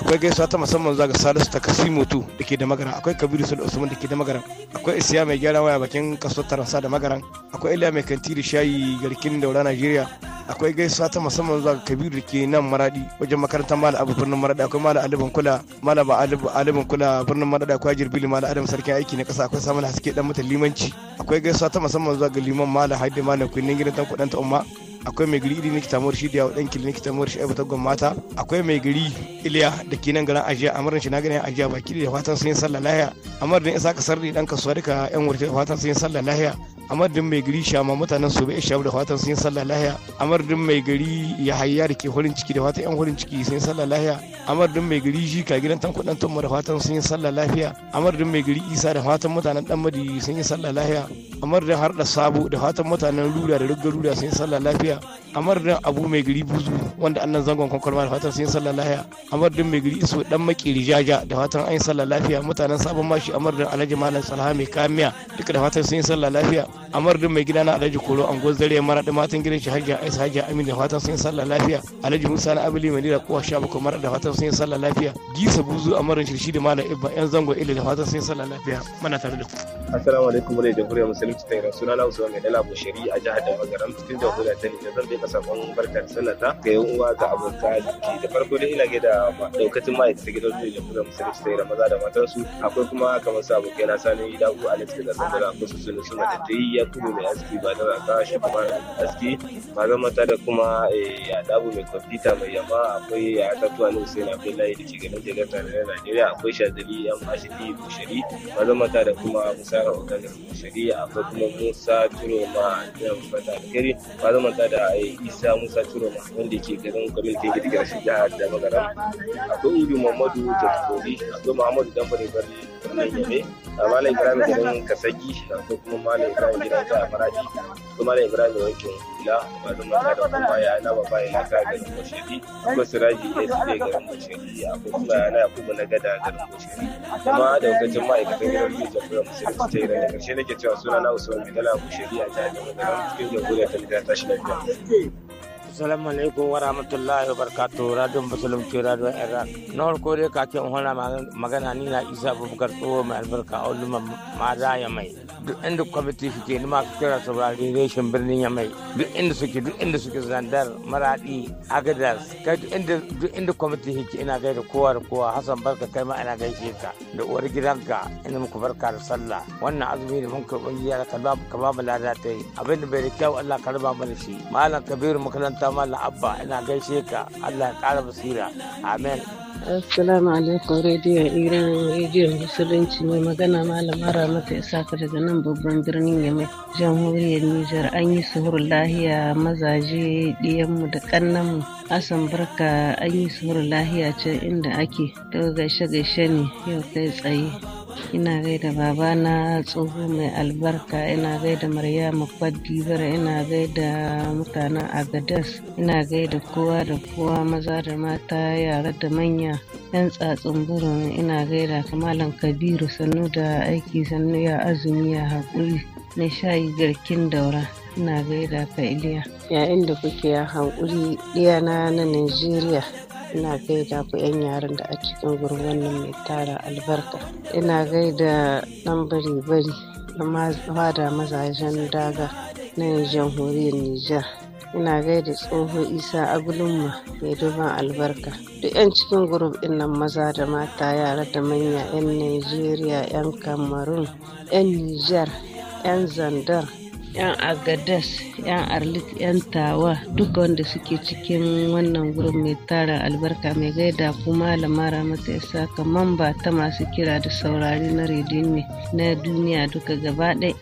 akwai gaisuwa ta musamman zuwa ga salisu ta kasimutu da ke da magara akwai kabiru sul usman da ke da magara akwai isiya mai gyara waya bakin kaso taransa da magaran akwai iliya mai kantiri shayi garkin daura nigeria akwai gaisuwa ta musamman zuwa ga kabiru da ke nan maradi wajen makarantar mala abu birnin maradi akwai mala alibin kula malam alibin kula birnin maradi akwai jirbili mala adam sarkin aiki na kasa akwai samun haske dan mutan limanci akwai gaisuwa ta musamman zuwa ga liman mala da haɗe malam kunnin gidan tan ta umma akwai mai gari irin kita mawar da wa ɗanki likita mawar shi aibata gwan mata akwai mai gari iliya da ke nan garin ajiya amarin shi na ganin ajiya baki da fatan sun yi sallah lahiya amar da isa ka sarri dan kasuwa duka yan wurce da fatan sun yi sallah lahiya Amar madadin mai gari shama mutanen su bai shabu da fatan sun yi sallah lahiya Amar madadin mai gari ya hayya da ke hurin ciki da fatan yan hurin ciki sun yi sallah lahiya Amar madadin mai gari shi ka gidan tanko dan tumma da fatan sun yi sallah lafiya Amar madadin mai gari isa da fatan mutanen dan madi sun yi sallah lahiya Amar madadin har da sabo da fatan mutanen ruda da rugga rura sun yi sallah lafiya a madadin abu mai gari buzu wanda annan zangon kwakwalwa da fatan sun yi sallah lafiya a madadin mai gari iso dan makeri jaja da fatan an yi sallah lafiya mutanen sabon mashi a madadin alhaji malam salha mai kamiya duka da fatan sun yi sallah lafiya a madadin mai gidana alhaji koro an rai mara da matan gidan shi hajja aisa hajja amin da fatan sun yi sallah lafiya alhaji musa na abili mai da kowa sha bakwai mara da fatan sun yi sallah lafiya gisa buzu a madadin shirshi da malam ibba yan zangon ilil da fatan sun yi sallah lafiya mana tare da ku. assalamu alaikum wa rahmatullahi wa barakatuh sunana usman mai dala bushari a jihar da magaram cikin jamhuriyar ta nijar zan kasafin barkar sallata ga yi uwa ga abokan jiki da farko dai ina da daukacin ita gidan su jamhuriyar musulunci ta yi maza da matansu akwai kuma kamar sa abokai na sani a alex da zazzabara akwai su suna suna da ta yi ya kuma mai aski ba da raka shi kuma aski ba zama ta da kuma ya eh, dagu mai kwamfuta mai yamma akwai ya ta tuwa ne hussein abdullahi da ke ganin jirgin na najeriya akwai shadari yan ashidi bushari ba zama ta da kuma musa rahoton bushari akwai kuma musa turo ma jiran fata alkari ba zama ta da eh, isa musa turoma wanda ke garin kwamitin girgirashin jihar da magaram akwai udu muhammadu tattakoli akwai muhammadu dambari bari da eh, gebe a malam ibrahim gidan kasagi akwai kuma malam ibrahim gidan ta amaraji akwai malam ibrahim wankin kula malum mata da kuma ya na baba ya naka garin bosheri akwai siraji ya suke garin bosheri akwai kuma ya na yakubu na gada garin bosheri kuma daukacin ma'aikatan gidan rediyo jamhuriyar musulunci ta iran da karshe nake cewa suna na usman bidala bosheri a jihar da magaran cikin jamhuriyar ta nijar tashi lafiya. assalamu alaikum wa rahmatullahi wa barakatuh radio musulunci radio iraq na farko dai kake in magana ni na isa babbar tsoho mai albarka a wani maza ya mai duk inda kwamiti suke ni masu kira saurari reshen birnin ya mai duk inda suke duk inda suke zandar maradi agadar kai duk inda kwamiti suke ina da kowa da kowa hassan barka kai ma ina gaishe ka da uwar gidanka ina muku barka da sallah wannan azumi da mun karɓi ya ka ba mu lada ta yi abin da bai da kyau Allah ka raba mana shi malam kabiru makarantar ta mala abba ina gaishe ka Allah ya kara basira amen Assalamu alaikum radio Iran radio Musulunci mai magana malama Ramata Isaka daga nan babban birnin Yamai jamhuriyar Nijar an yi suhurin lahiya mazaje diyanmu da ƙannanmu Hassan barka an yi suhurin lahiya can inda ake daga gaishe gaishe ne yau kai tsaye ina gaida babana tsoho mai albarka ina gaida maryamu kwadibar ina gaida mutanen agadas ina gaida kowa da kowa maza da mata yara da manya yan tsatsin burin ina gaida kamalan kabiru sannu da aiki sannu ya azumi ya haƙuri na shayi garkin daura ina gaida ka iliya yayin da kuke hankuri ɗiyana na nigeria ina gaida ku 'yan yaran da a cikin gurin wannan mai tara albarka ina gaida dan bari-bari na fada mazajen daga na jamhuriyar nijar ina gaida tsoho isa a agulunma mai duban albarka duk 'yan cikin gurub din nan maza da mata yara da manya 'yan nigeria 'yan kamarun 'yan nijar 'yan zandar 'yan agadas 'yan arlit 'yan tawa duka wanda suke cikin wannan gurin mai tara albarka mai gaida kuma lamara mata yasa kamar ba ta masu kira da saurari na rediyo ne na duniya duka gaba ɗaya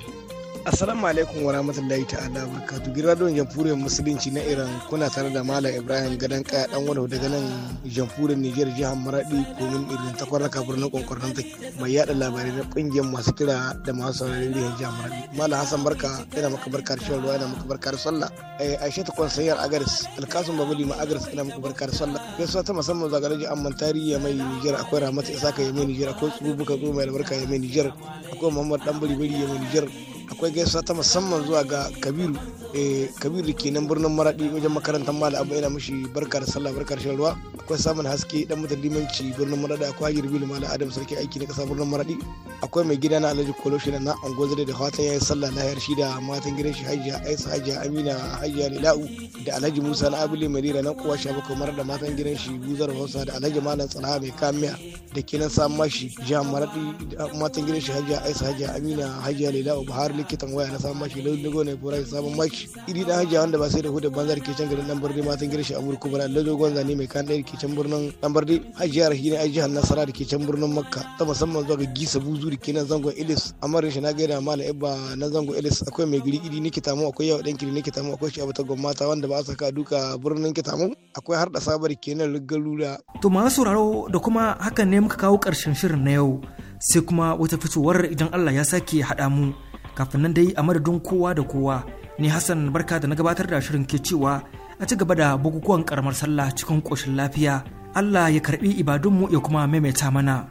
Assalamu alaikum wa rahmatullahi ta'ala barkatu gidan don jamhuriyar musulunci na Iran kuna tare da Malam Ibrahim gadan kaya dan wani daga nan jamhuriyar Niger jihar Maradi komin Irin ta kwarraka na konkornan ta mai yada labarai na kungiyar masu kira da masu sauraron rediyon jihar Maradi Malam Hassan barka ina maka barka da ruwa ina maka barka da sallah eh Aisha ta konsayar Agaris Alkasum Babali ma Agaris ina maka barka da sallah gaisuwa ta musamman zaga da amman tarihi mai Niger akwai Ramatu isa ya mai Niger akwai Tsubu Buka mai albarka ya mai Niger akwai Muhammad Dambari ya mai Niger akwai gaisuwa ta musamman zuwa ga kabiru eh, kabiru kenan birnin maraɗi wajen makarantar mala abu yana mishi barka da sallah barkar da ruwa akwai samun haske dan mutan limanci birnin maraɗi akwai hajji bilu mala adam sarki aiki na ƙasa birnin maraɗi akwai mai gida na alhaji shi na angozare da fatan ya yi sallah lahiyar shi da matan gidan shi hajji aisa hajji amina hajiya lila'u da alhaji musa na abule madina na kuwa sha bakwai mara da matan gidan shi buzar hausa da alhaji malam tsanaha mai kamiya da kenan samun mashi jihar maraɗi da matan gidan shi hajji aisa hajji amina hajiya lila'u buhari likitan waya na samun mashi lagos ne fura sabon maki iri dan hajiya wanda ba sai da hudu banzar ke garin dan barde matan girshi a murku bana lagos gwanza ne mai kan ɗaya kecen birnin dan barde hajiya rahi ne a nasara da kecen birnin makka ta musamman zuwa ga gisa buzu da ke nan zangon ilis amma rashin na gaida malam ibba na zangon ilis akwai mai giri iri ni kitamu akwai yawa ɗan kiri ni kitamu akwai shi ta gwamnata wanda ba a saka duka birnin kitamu akwai har da sabar kenan rigalula. to masu sauraro da kuma hakan ne muka kawo ƙarshen shirin na yau sai kuma wata fitowar idan Allah ya sake haɗa mu kafin nan dai a madadin kowa da kowa ni hassan barka da na gabatar da shirin ke cewa a ci gaba da bukukuwan karamar sallah cikin ƙoshin lafiya allah ya karbi ibadunmu ya kuma maimaita mana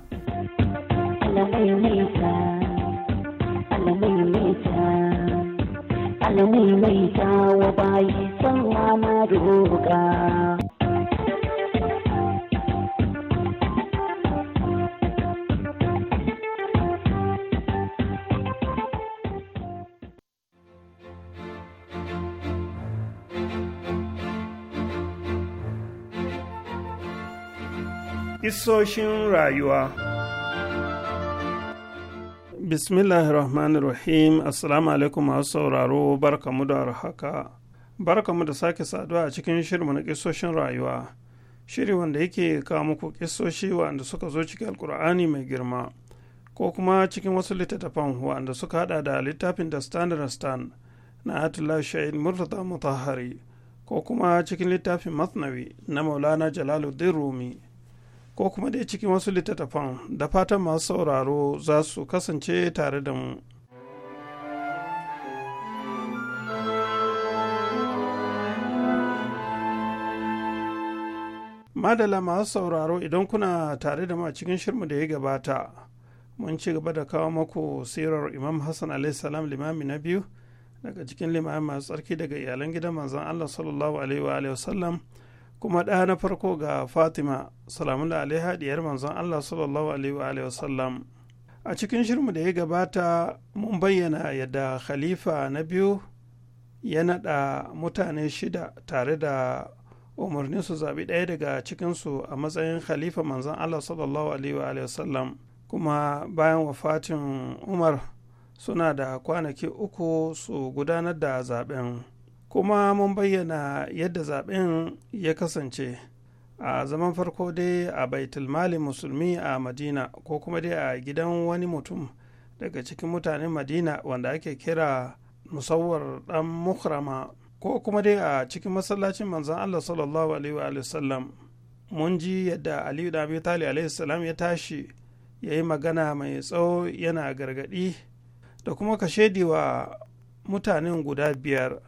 Allah mai wa bayi sallama hissoshin rayuwa Bismillahir Rahmanir Assalamu alaikum masu sauraro barkamu da haka barkamu da sake saduwa a cikin shirin na kisoshin rayuwa shiri wanda yake kawo muku kisoshi wanda suka zo cikin alkur'ani mai girma ko kuma cikin wasu littattafan wanda suka hada da littafin da standard stand na atullah shahid murtada mutahari ko kuma cikin littafin masnawi na maulana jalaluddin rumi ko kuma dai cikin wasu littattafan da fatan masu sauraro za su kasance tare da mu. Madala masu sauraro idan kuna tare da mu a cikin shirmu da ya gabata, mun ci gaba da kawo mako, sirar Imam Hassan salam limami na biyu daga cikin limami masu tsarki daga iyalan gidan manzon Allah sallallahu alaihi wa sallam. kuma ɗaya na farko ga fatima salamun alaiha diyar manzon allah sallallahu alaihi wa sallam a cikin shirmu da ya gabata mun bayyana yadda khalifa na biyu ya naɗa mutane shida tare da umarnin su zaɓi ɗaya daga cikinsu a matsayin khalifa manzon allah sallallahu alaihi wa sallam kuma bayan wafatin umar suna da kwanaki uku su gudanar da zaɓen kuma mun bayyana yadda zaben ya kasance a zaman farko dai a baitulmalin musulmi a madina ko kuma dai a gidan wani mutum daga cikin mutanen madina wanda ake kira musawar dan mukrama ko kuma dai a cikin masallacin manzan allah sallallahu alaihi wa sallam mun ji yadda aliyu da abitali alaihi salam ya tashi ya yi magana mai tsawo yana gargadi da kuma kashedi wa mutanen guda biyar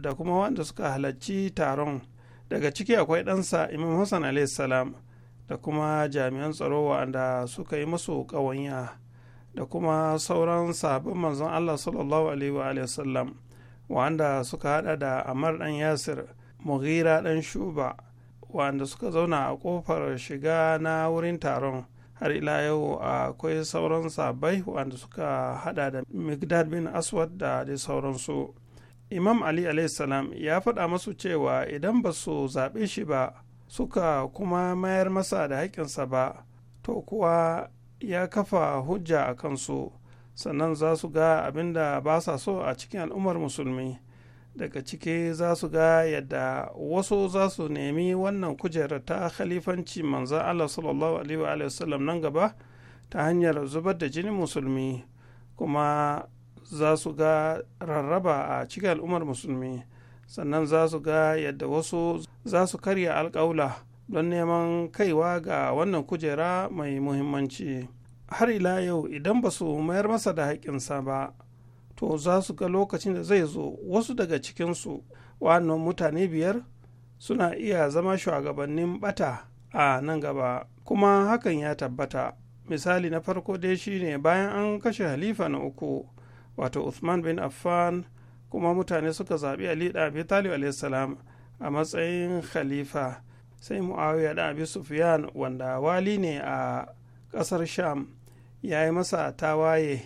da kuma wanda suka halarci taron daga ciki akwai ɗansa imam hassan salam da kuma jami'an tsaro wanda suka yi masu ƙawanya da kuma sauran sabbin manzon allah sallallahu alaihi wa sallam wa'anda suka hada da amar dan yasir mughira ɗan shuba wanda suka zauna a ƙofar shiga na wurin taron har ila yau akwai sauran sabai wanda suka hada da migdad bin aswad da dai sauransu imam ali salam ya faɗa masu cewa idan ba su zaɓe shi ba suka kuma mayar masa da haƙƙinsa ba to kuwa ya kafa hujja a kansu sannan za su ga abin da ba sa so a cikin al'ummar musulmi daga ciki za su ga yadda wasu za su nemi wannan kujerar ta khalifanci manzan allah sallallahu alaihi wa nan gaba ta hanyar zubar da jinin musulmi kuma za su ga rarraba a cikin al'ummar musulmi sannan za su ga yadda wasu za su karya alkaula don neman kaiwa ga wannan kujera mai muhimmanci har ila yau idan ba su mayar masa da haƙƙinsa ba to za su ga lokacin da zai zo wasu daga cikinsu wannan mutane biyar suna iya zama shugabannin bata a nan gaba kuma hakan ya tabbata misali na farko dai shine bayan an kashe halifa na uku wato Uthman bin Affan kuma mutane suka zaɓi Ali da Abi Talib alaihissalam a matsayin khalifa sai Muawiya da Abi Sufyan wanda wali ne a ƙasar Sham ya yi masa tawaye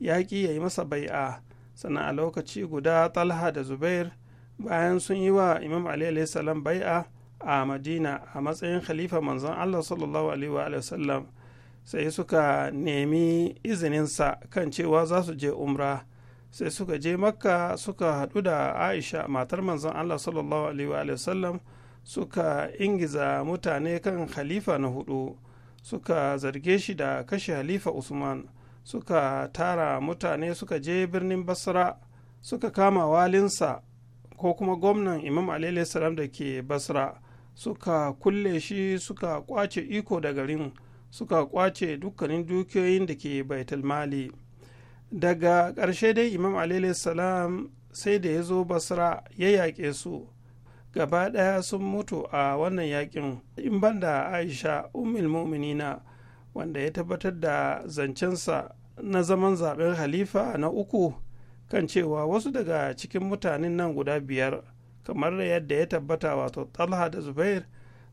yaƙi ya yi masa bai'a sannan a lokaci guda Talha da Zubair bayan sun yi wa Imam Ali alaihissalam bai'a a Madina a matsayin khalifa manzon Allah sallallahu alaihi wa sallam sai suka nemi izininsa kan cewa za su je umra sai suka je makka suka haɗu da aisha matar manzan allah sallallahu alaihi sallam suka ingiza mutane kan halifa na hudu suka zarge shi da kashe halifa usman suka tara mutane suka je birnin basra suka kama walinsa ko kuma gwamnan imam alaihi salam da ke basra suka kulle shi suka kwace iko da garin suka kwace dukkanin dukiyoyin da ke baitul mali daga ƙarshe dai imam salam sai da ya zo basra ya yaƙe su gaba ɗaya sun mutu a wannan yaƙin in banda aisha ummul muminina wanda ya tabbatar da zancensa na zaman zaben halifa na uku kan cewa wasu daga cikin mutanen nan guda biyar kamar yadda ya tabbata wato talha da zubair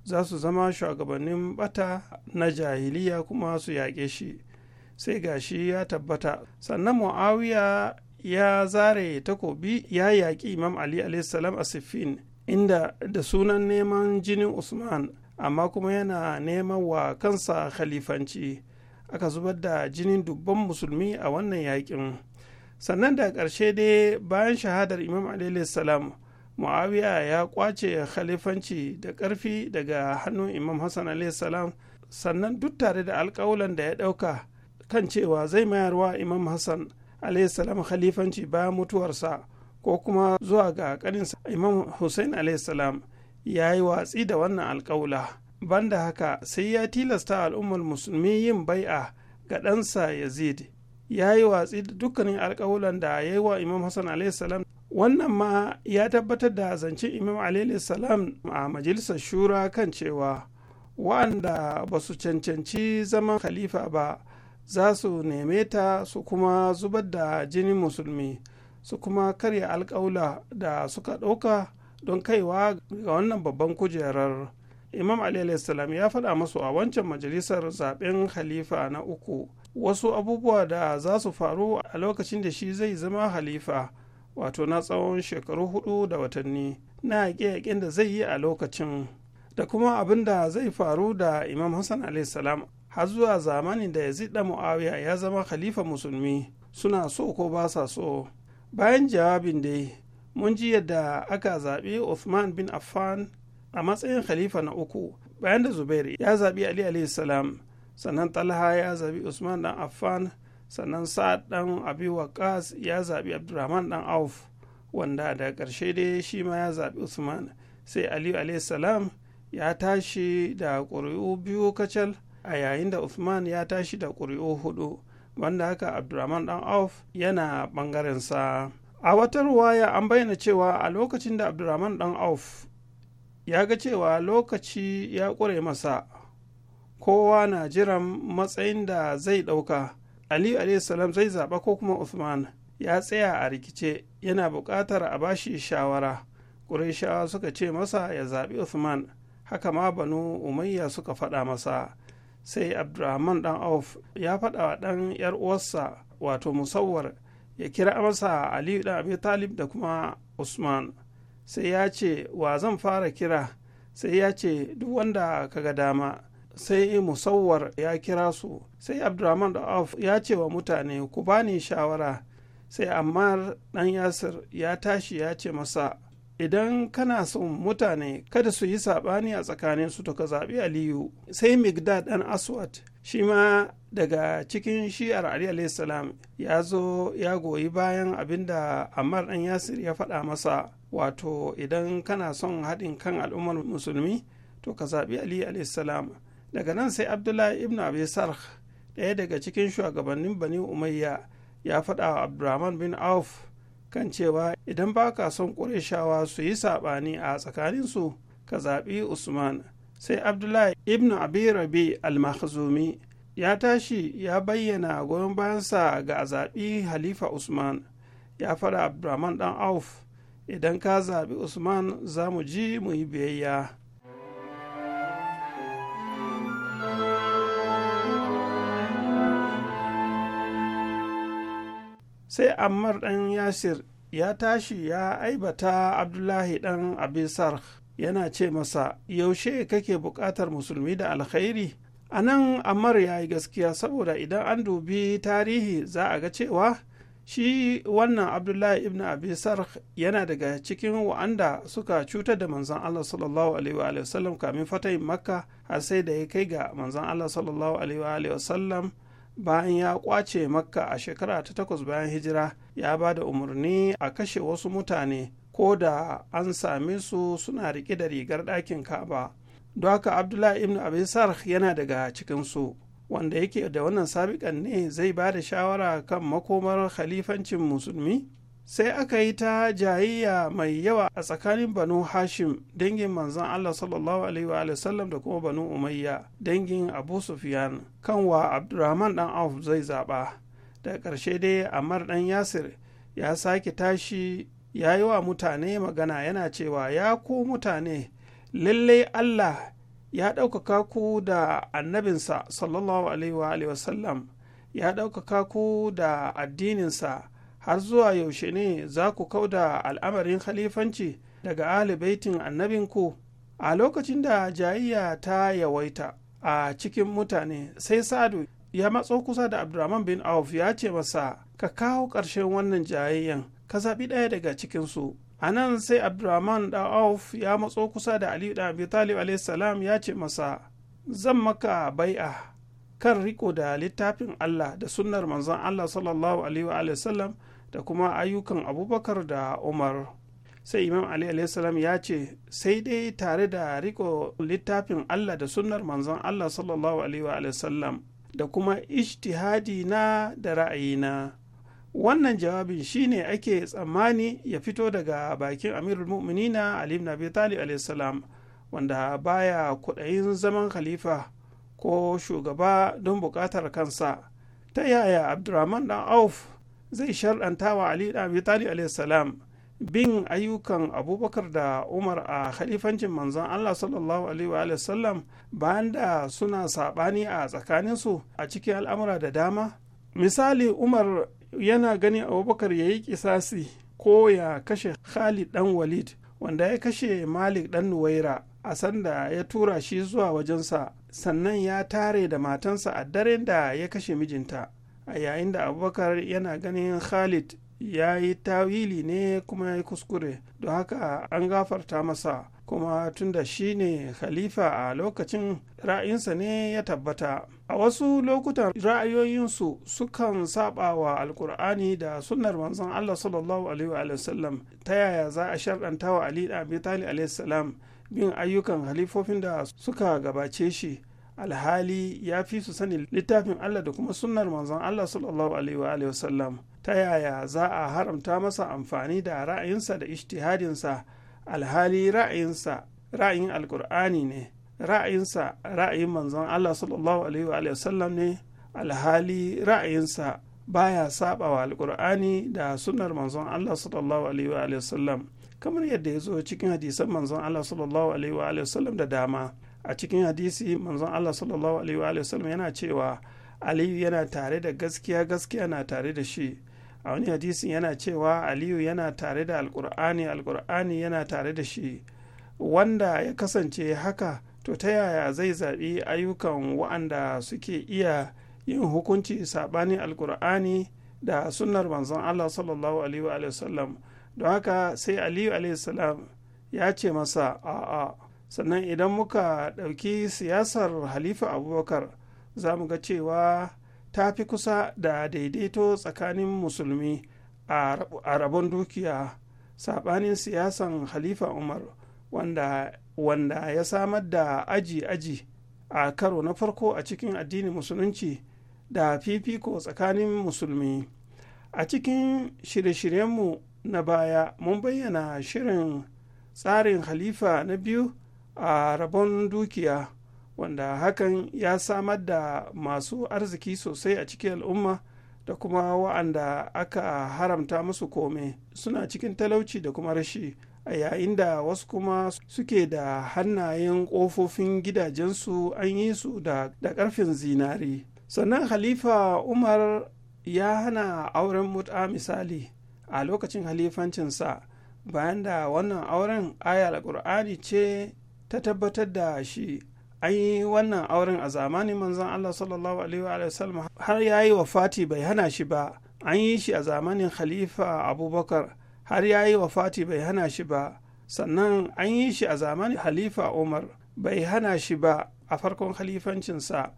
za su zama shugabannin bata na jahiliya kuma su yaƙe shi sai gashi ya tabbata sannan muawiya ya zare takobi ya yaƙi imam ali salam a siffin inda da sunan neman jinin usman amma kuma yana neman wa kansa khalifanci aka zubar da jinin dubban musulmi a wannan yaƙin sannan da ƙarshe dai bayan shahadar imam ali salam muawiya ya kwace khalifanci da ƙarfi daga hannun imam hassan salam sannan duk tare da alƙawulan da ya ɗauka kan cewa zai mayarwa imam hassan salam khalifanci bayan mutuwarsa ko kuma zuwa ga ƙaninsa imam hussein salam ya yi watsi da wannan alkawula banda haka sai ya tilasta al'ummar musulmi yin bai'a ga ɗansa yazid ya yi watsi da dukkanin alƙawulan da ya yi wa imam hassan salam wannan ma ya tabbatar da zancen imam alaihi salam a majalisar shura kan cewa wa'anda ba su cancanci zaman khalifa ba za su neme ta su kuma zubar da jinin musulmi su kuma karya alkaula da suka ɗauka don kaiwa ga wannan babban kujerar imam alaihi salam ya faɗa masu a wancan majalisar zaben khalifa na uku wasu abubuwa da za su faru a lokacin da shi zai zama Khalifa. wato na tsawon shekaru hudu da watanni na yaƙe-yaƙen da zai yi a lokacin da kuma abin da zai faru da imam hassan salam har zuwa zamanin da yazid da muawiya ya zama khalifa musulmi suna so ko ba sa so bayan jawabin dai mun ji yadda aka zaɓi Uthman bin affan a matsayin khalifa na uku bayan da zubair ya zaɓi ali salam sannan talha ya zaɓi usman dan affan sannan sa'ad dan abi waqas ya zaɓi abdurrahman dan auf wanda da ƙarshe dai shi ma ya zaɓi usman sai aliyu salam ya tashi da ƙuri'u biyu kacal a yayin da usman ya tashi da ƙuri'u hudu wanda haka abdurrahman dan auf yana ɓangarensa a wata ruwaya an bayyana cewa a lokacin da abdurrahman dan auf ya ga cewa lokaci ya ƙure masa kowa na jiran matsayin da zai ɗauka aliyu salam zai zaɓa ko kuma usman ya tsaya a rikice yana buƙatar a bashi shawara ƙureshawa suka ce masa ya zaɓi usman haka ma banu umayya suka faɗa masa sai abdulrahman dan auf ya faɗa wa ɗan yar uwarsa wato musawwar ya kira masa aliyu ɗan abi talib da kuma usman sai ya ce wa zan fara kira sai ya ce duk wanda kaga dama sai musawwar ya kira su sai abdurrahman da auf ya ce wa mutane ku bani shawara sai ammar dan yasir ya tashi ya ce masa idan kana son mutane kada su yi saɓani a tsakanin su to ka zaɓi aliyu sai migdad dan aswad shi ma daga cikin shi'ar ali alaihissalam ya zo ya goyi bayan abinda da ammar dan yasir ya faɗa masa wato idan kana son haɗin kan al'ummar musulmi to ka zaɓi ali alaihissalam daga nan sai abdullahi ibn abi sarh ɗaya daga cikin shugabannin bani umayya ya faɗa wa abdurrahman bin auf kan cewa idan ba ka son ƙureshawa su yi saɓani a tsakaninsu ka zaɓi usman sai abdullahi ibn abi rabi al ya tashi ya bayyana goyon bayansa ga zaɓi halifa usman ya faɗa abdurrahman dan auf idan ka zaɓi usman za mu ji mu yi biyayya sai ammar ɗan yasir ya tashi ya aibata abdullahi ɗan abisar yana ce masa yaushe kake buƙatar musulmi da alkhairi a nan ammar ya yi gaskiya saboda idan an dubi tarihi za a ga cewa shi wannan abdullahi ibn abisar yana daga cikin wa'anda suka cutar da manzan allah sallallahu alaihi wa sallam kamin fatayin makka har sai da ya kai ga manzan allah sallallahu alaihi wa sallam bayan ya kwace makka a shekara ta takwas bayan hijira ya ba da umarni a kashe wasu mutane ko da an same su suna riƙe da rigar ɗakin kaba don haka abdullahi ibn abisar yana daga cikinsu wanda yake da wannan sabiƙan ne zai ba da shawara kan makomar khalifancin musulmi sai aka yi ta jayayya mai yawa a tsakanin banu hashim dangin manzan allah sallallahu alaihi wa sallam da kuma banu umayya dangin abu sufyan kan wa abdurrahman dan auf zai Zaɓa). da ƙarshe dai amar dan yasir ya sake tashi ya yi wa mutane magana yana cewa ya ku mutane lallai allah ya ɗaukaka ku da annabinsa sallallahu alaihi wa sallam ya ɗaukaka ku da addininsa har zuwa yaushe ne za ku kauda al'amarin khalifanci daga alibaitin annabin annabinku a lokacin da jayayya ta yawaita a cikin mutane sai sadu ya matso kusa da abdurrahman bin auf ya ce masa ka kawo ƙarshen wannan jayayyan ka zaɓi ɗaya daga cikinsu a nan sai abdurrahman da auf ya matso kusa da aliyu da abu talib salam ya ce masa zan maka a. kan riko da littafin allah da sunnar manzon allah sallallahu alaihi wa sallam da kuma ayyukan abubakar da umar sai imam ali salam ya ce sai dai tare da riko littafin allah da sunnar manzon allah sallallahu alaihi wa sallam da kuma ijtihadi na da ra'ayina wannan jawabin shine ake tsammani ya fito daga bakin amirul mu'minina ali ibn abi talib salam wanda baya kudayin zaman khalifa ko shugaba don bukatar kansa ta yaya abdurrahman dan auf zai shar'anta wa ali abi talib alaihissalam bin ayyukan abubakar da umar a khalifancin manzon allah sallallahu alaihi sallam bayan da suna saɓani a tsakaninsu a cikin al'amura da dama misali umar yana ganin abubakar ya yi kisasi ko ya kashe khalid dan walid wanda ya kashe malik dan nuwaira a sanda ya tura shi zuwa wajensa sannan ya tare da matansa a daren da ya kashe mijinta a yayin da abubakar yana ganin khalid ya yi tawili ne kuma ya yi kuskure don haka an gafarta masa kuma tunda shi ne khalifa a lokacin ra'ayinsa ne ya tabbata a wasu lokutan ra'ayoyinsu sukan saba wa alkur'ani da sunnar manzon allah sallallahu alaihi wa ta yaya za a sharɗanta wa ali da alaihi bin ayyukan halifofin da suka gabace shi alhali ya fi su sani littafin Allah da kuma sunnar manzon Allah sallallahu alaihi wa ta yaya za a haramta masa amfani da ra'ayinsa da ishtihadinsa alhali ra'ayinsa ra'ayin alkur'ani ne ra'ayinsa ra'ayin manzon Allah sallallahu alaihi wa sallam ne alhali ra'ayinsa baya saba wa alkur'ani da sunnar manzon Allah sallallahu alaihi wa sallam kamar yadda ya zo cikin hadisan manzon Allah sallallahu alaihi wa sallam da dama a cikin hadisi manzon allah sallallahu alaihi wa sallam yana cewa aliyu yana tare da gaskiya gaskiya na tare da shi a wani hadisin yana cewa aliyu yana tare da alkur'ani alkur'ani yana tare da shi wanda ya kasance haka to ta yaya zai zaɓi ayyukan wa'anda suke iya yin hukunci saɓanin alkur'ani da sunnar manzon allah sallallahu alaihi wa sallam don haka sai aliyu alaihi salam ya ce masa a'a sannan idan muka ɗauki siyasar halifa abubakar za mu ga cewa ta fi kusa da daidaito tsakanin musulmi a rabon dukiya saɓanin siyasan halifa umar wanda, wanda ya samar da aji-aji a karo na farko a cikin addinin musulunci da fifiko tsakanin musulmi a cikin shirye-shiryenmu na baya mun bayyana shirin tsarin halifa na biyu a rabon dukiya wanda hakan ya samar da masu arziki sosai a cikin al'umma da kuma wa'anda aka haramta musu kome suna cikin talauci da kuma rashi a yayin da wasu kuma suke da hannayen ƙofofin gidajensu an yi su da ƙarfin zinari sannan halifa umar ya hana auren mut'a misali a lokacin halifancinsa bayan da wannan auren ayar alkur'ani ce ta tabbatar da shi an yi wannan auren a zamanin manzon Allah sallallahu alaihi wa sallam har wa wafati bai hana shi ba an yi shi a zamanin khalifa abubakar har ya wa wafati bai hana shi ba sannan an yi shi a zamanin khalifa umar bai hana shi ba a farkon khalifancinsa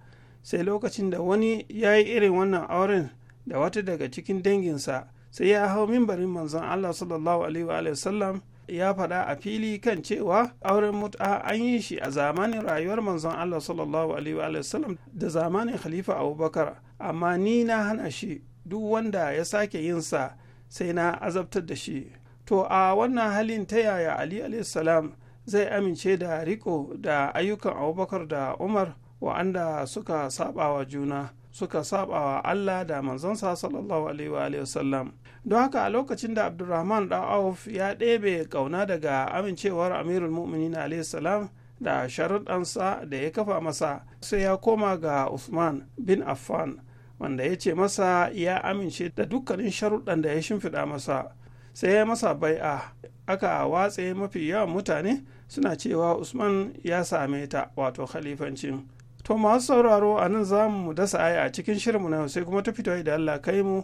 sai lokacin da wani ya yi irin wannan auren da wata daga cikin danginsa sai ya hau mimbarin manzon Allah sallallahu alaihi wa sallam ya faɗa a fili kan cewa auren mut'a an yi shi a zamanin rayuwar manzon Allah sallallahu alaihi wa sallam da zamanin khalifa Abubakar amma ni na hana shi duk wanda ya sake yin sa sai na azabtar da shi to a wannan halin ta yaya Ali salam zai amince da riko da ayyukan Abubakar da Umar wa'anda suka sabawa juna suka sabawa Allah da manzansa sallallahu alaihi wa sallam don haka a lokacin da abdulrahman dan ya ɗebe ƙauna daga amincewar amirul mu'minin salam da sharuɗansa da ya kafa masa sai ya koma ga usman bin affan wanda ya ce masa ya amince da dukkanin sharuɗan da ya shimfiɗa masa sai ya masa bai'a aka watse mafi yawan mutane suna cewa usman ya same ta wato khalifancin to masu sauraro a nan za mu dasa aya a cikin shirinmu na sai kuma ta fito da allah kai mu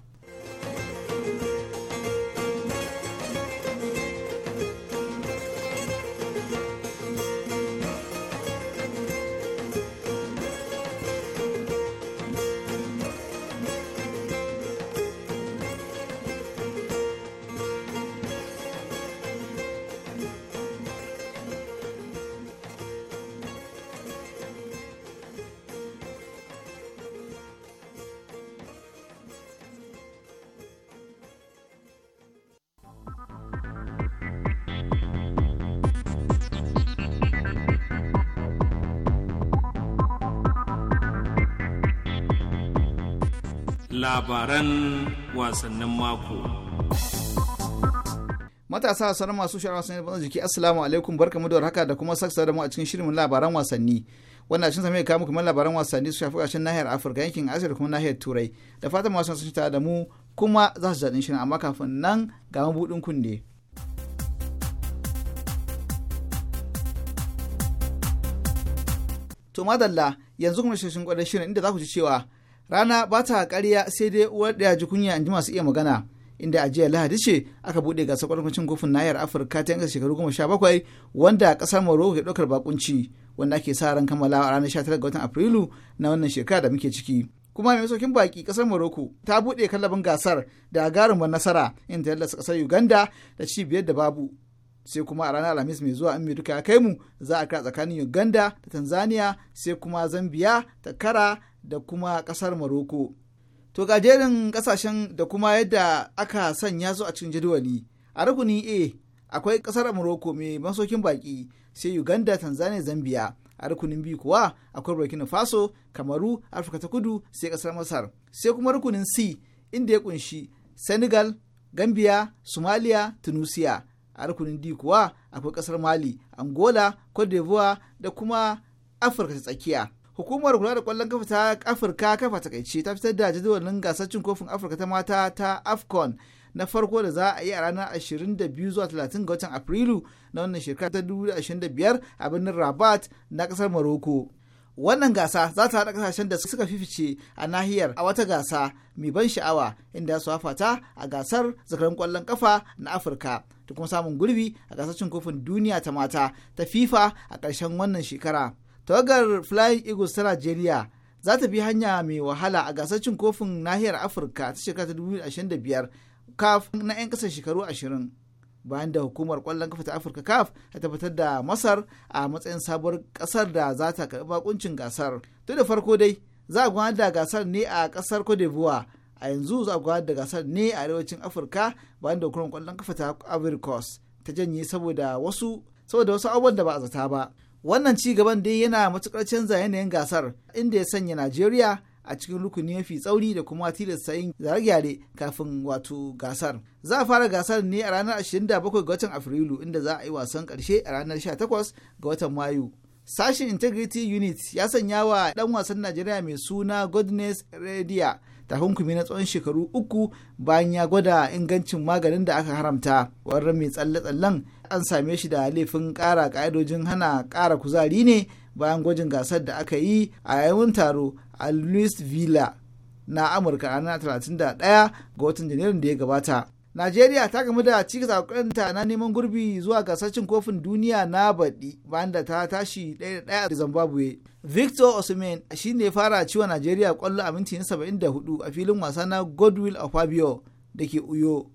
labaran wasannin mako. Matasa sauran masu sha'awar wasanni da jiki Assalamu alaikum barkamu da haka da kuma saksa da mu a cikin shirin labaran wasanni. Wannan cin samai kamu kamar labaran wasanni su shafi ƙarshen nahiyar Afirka yankin Asiya da kuma nahiyar Turai. Da fatan masu sun tare da mu kuma za su jaɗin shirin amma kafin nan ga mabuɗin kunne. To madalla yanzu kuma shirin kwadar shirin inda za ku ji cewa rana ba ta ƙarya sai dai uwar da ji kunya in masu iya magana inda a jiya lahadi ce aka buɗe gasar kwarkwacin kofin nahiyar afirka ta yanka shekaru goma sha bakwai wanda ƙasar morocco ke ɗaukar bakunci wanda ake sa ran kammalawa a ranar sha tara ga watan afrilu na wannan shekara da muke ciki kuma mai saukin baki ƙasar morocco ta buɗe kallabin gasar da gagarumar nasara inda ta ƙasar uganda da ci biyar da babu sai kuma a ranar alhamis mai zuwa in mai duka ya kai mu za a kira tsakanin uganda da tanzania sai kuma zambia ta kara da kuma ƙasar maroko To ga jerin ƙasashen da kuma yadda aka sanya su a cikin jadawali. A rukunin A akwai ƙasar maroko mai masokin baƙi sai Uganda, Tanzania, Zambia. A rukunin B kuwa akwai Burkina Faso, Kamaru, Afirka ta Kudu sai ƙasar Masar. Sai kuma rukunin C inda ya kunshi Senegal, Gambia, Somalia, Tunisia. A rukunin D kuwa akwai ƙasar Mali, Angola, Cote da kuma Afirka ta tsakiya. hukumar kula da kwallon kafa ta afirka kafa takaici ta fitar da jadawalin gasar cin kofin afirka ta mata ta afcon na farko da za a yi a ranar 22 zuwa 30 ga watan afrilu na wannan shekara ta 2025 a birnin rabat na kasar morocco wannan gasa za ta haɗa kasashen da suka fifice a nahiyar a wata gasa mai ban sha'awa inda su hafata a gasar zakaran kwallon kafa na afirka da kuma samun gurbi a gasar cin kofin duniya ta mata ta fifa a ƙarshen wannan shekara tawagar flying eagles ta nigeria za ta bi hanya mai wahala a gasar kofin nahiyar afirka ta shekara ta 2025 caf na 'yan kasar shekaru 20 bayan da hukumar kwallon kafa ta afirka caf ta tabbatar da masar a matsayin sabuwar kasar da za ta karɓi bakuncin gasar tun da farko dai za a gudanar da gasar ne a kasar cote d'ivoire a yanzu za a gudanar da gasar ne a arewacin afirka bayan da hukumar kwallon kafa ta ta janye saboda wasu saboda wasu abubuwan da ba a zata ba wannan ci gaban dai yana matukar canza yanayin gasar inda ya sanya najeriya a cikin rukuni mafi tsauri da kuma tilasta yin gyare-gyare kafin wato gasar za a fara gasar ne a ranar 27 ga watan afrilu inda za a yi wasan karshe a ranar 18 ga watan mayu sashen integrity unit ya sanya wa dan wasan najeriya mai suna godness redia takunkumi na tsawon shekaru uku bayan ya gwada ingancin maganin da aka haramta warren mai tsalle-tsallen an same shi da laifin kara ka'idojin hana ƙara kuzari ne bayan gwajin gasar da aka yi a yayin taro a louis villa na amurka a 31 ga watan janairun da ya gabata Najeriya ta gamu da cikas a na neman gurbi zuwa gasar cin kofin duniya na baɗi bayan da ta tashi ɗaya da ɗaya a Zimbabwe. Victor Osimhen shi ne fara ciwa Najeriya ƙwallo a minti na hudu a filin wasa na Godwill of Fabio da ke Uyo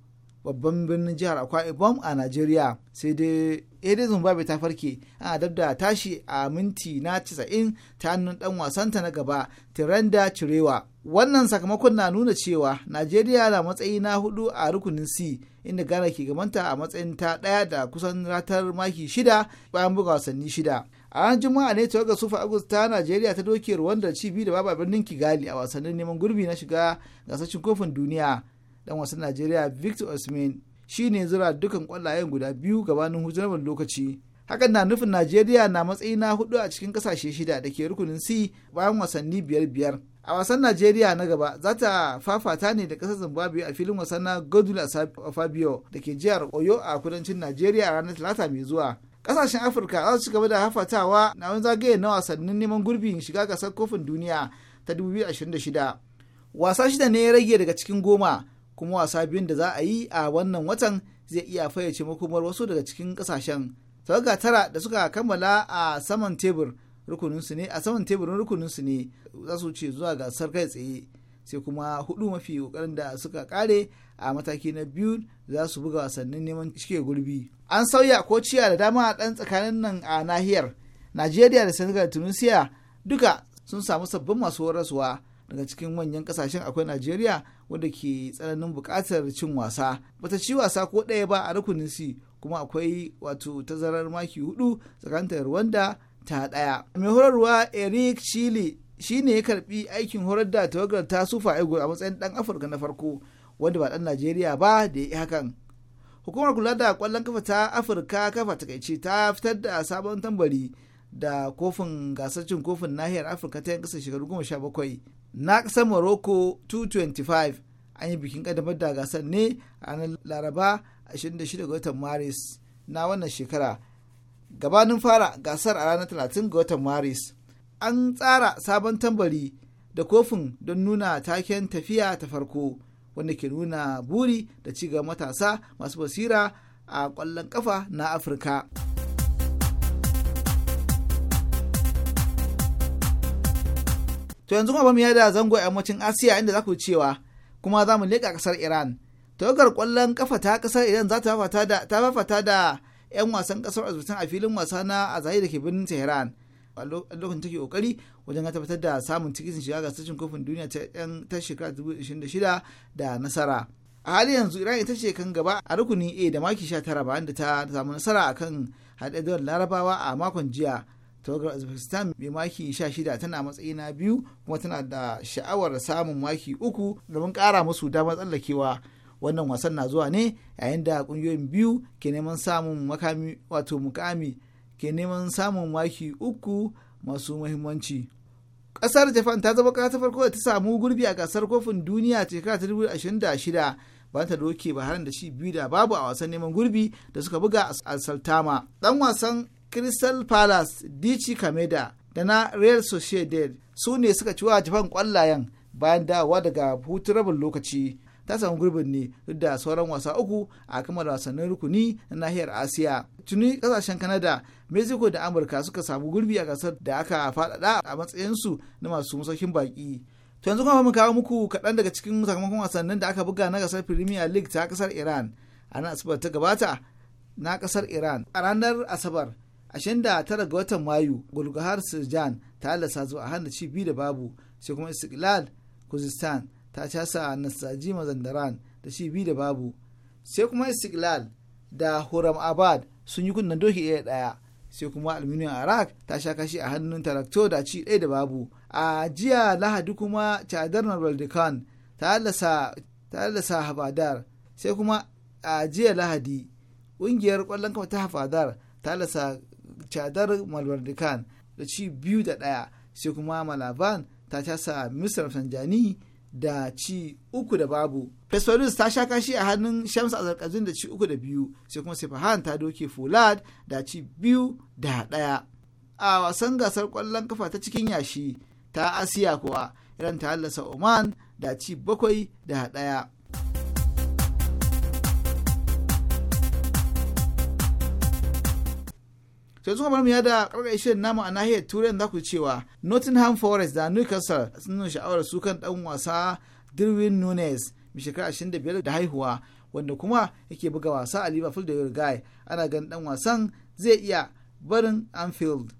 babban birnin jihar Akwa Ibom a Najeriya sai dai Ede eh Zimbabwe ta farke ana dab da tashi a minti na 90 ta hannun ɗan wasanta na gaba Tiranda Cirewa. wannan sakamakon na nuna cewa najeriya na matsayi na hudu a rukunin c inda ghana ke gamanta a matsayin ta daya da kusan ratar maki shida bayan buga wasanni shida a ranar juma'a ne tawaga sufa agus ta najeriya ta doke rwanda ci biyu da baba birnin kigali a wasannin neman gurbi na shiga gasashen kofin duniya dan wasan najeriya victor osman shine zura dukkan kwallayen guda biyu gabanin hutun lokaci hakan na nufin najeriya na matsayi na hudu a cikin kasashe shida da ke rukunin c bayan wasanni biyar biyar a wasan najeriya na gaba za ta fafata ne da kasar zimbabwe a filin wasan na a fabio da ke jihar oyo a kudancin najeriya a ranar talata mai zuwa kasashen afirka za su ci gaba da hafatawa na wani zagaye na wasannin neman gurbin shiga gasar kofin duniya ta 2026 wasa shida ne ya rage daga cikin goma kuma wasa biyun da za a yi a wannan watan zai iya fayyace makomar wasu daga cikin kasashen ga tara da suka kammala a saman tebur rukuninsu ne a saman teburin rukuninsu ne za su ce zuwa gasar kai tsaye sai kuma hudu mafi kokarin da suka kare a mataki na biyu za su buga wasannin neman cike gurbi an sauya ko kociya da dama a dan tsakanin nan a nahiyar najeriya da senegal tunisia duka sun samu sabbin masu horaswa daga cikin manyan kasashen akwai najeriya wadda ke tsananin bukatar cin wasa bata ci wasa ko ɗaya ba a rukunin si kuma akwai wato tazarar maki hudu tsakanin rwanda ta daya mai horarwa eric chile shine ya karbi aikin horar da tawagar ta sufa ego a matsayin dan afirka na farko wanda ba dan najeriya ba da ya yi hakan hukumar kula da kwallon kafa ta afirka kafa takaici ta fitar da sabon tambari da kofin gasar kofin nahiyar afirka ta yanka kasar shekaru goma sha bakwai na kasa morocco 225 an yi bikin ƙaddamar da gasar ne a ranar laraba 26 ga watan maris na wannan shekara gabanin fara gasar a ranar 30 ga watan maris an tsara sabon tambari da kofin don nuna taken tafiya ta farko wanda ke nuna buri da cigaban matasa masu basira a kwallon kafa na afirka to yanzu kuma mu yada zango yammacin asiya inda za ku cewa kuma za mu leƙa ƙasar iran tawagar kwallon kafa ta kasar idan za ta fafata da 'yan wasan kasar azurbaijan a filin wasa na a zahiri da ke birnin tehran a lokacin take kokari wajen tabbatar da samun tikitin shiga ga sashen kofin duniya ta 'yan ta shekara 2026 da nasara a halin yanzu iran ita ce kan gaba a rukuni a da maki 19 bayan da ta samu nasara a akan haɗaɗɗiyar larabawa a makon jiya tawagar uzbekistan mai maki 16 tana matsayi na biyu kuma tana da sha'awar samun maki uku domin kara musu damar tsallakewa wannan wasan na zuwa ne yayin da kungiyoyin biyu ke neman samun makami wato mukami ke neman samun maki uku masu muhimmanci kasar japan ta zama kasa farko da ta samu gurbi a gasar kofin duniya shekara ta 2026 ban ta doke ba baharin da shi biyu da babu a wasan neman gurbi da suka buga a saltama dan wasan crystal palace dichi kameda da na real sociedad su ne suka ciwa japan kwallayen bayan dawowa daga hutu rabin lokaci ta samu gurbin ne duk da sauran wasa uku a kammala wasannin rukuni na nahiyar asiya tuni kasashen kanada mexico da amurka suka samu gurbi a gasar da aka faɗaɗa a matsayinsu na masu musaukin baki to yanzu kuma mu kawo muku kaɗan daga cikin sakamakon wasannin da aka buga na gasar premier league ta kasar iran a nan asabar ta gabata na kasar iran a ranar asabar da tara ga watan mayu gulgahar sirjan ta halasa zuwa hannun ci da babu sai kuma istiklal kuzistan ta casa nasaji mazandaran da shi bi da babu sai kuma istiklal da huram abad sun yi kunnen doki ɗaya ɗaya sai kuma aluminium arak ta sha kashi a hannun tarakto da ci ɗaya da babu a jiya lahadi kuma cadar nabaldikon ta halasa habadar sai kuma a jiya lahadi ƙungiyar ƙwallon kafa ta hafadar ta halasa cadar malwardikan da ci biyu da ɗaya sai kuma malaban ta casa misar sanjani da ci uku da babu Fesfalus ta sha kashi a hannun Shamsu Azarkazin da ci uku da biyu sai kuma sifahan ta doke Fulad da ci biyu da ɗaya. A wasan gasar kwallon kafa ta cikin yashi ta Asiya kuwa irin ta hallasa Oman da ci bakwai da ɗaya. sai kuma bar mu da karkar shirin namu a nahiyar turai za ku cewa nottingham forest da newcastle sun nuna sha'awar su kan ɗan wasa dirwin nunes mai shekara 25 da haihuwa wanda kuma yake buga wasa a liverpool da uruguay ana ganin ɗan wasan zai iya barin anfield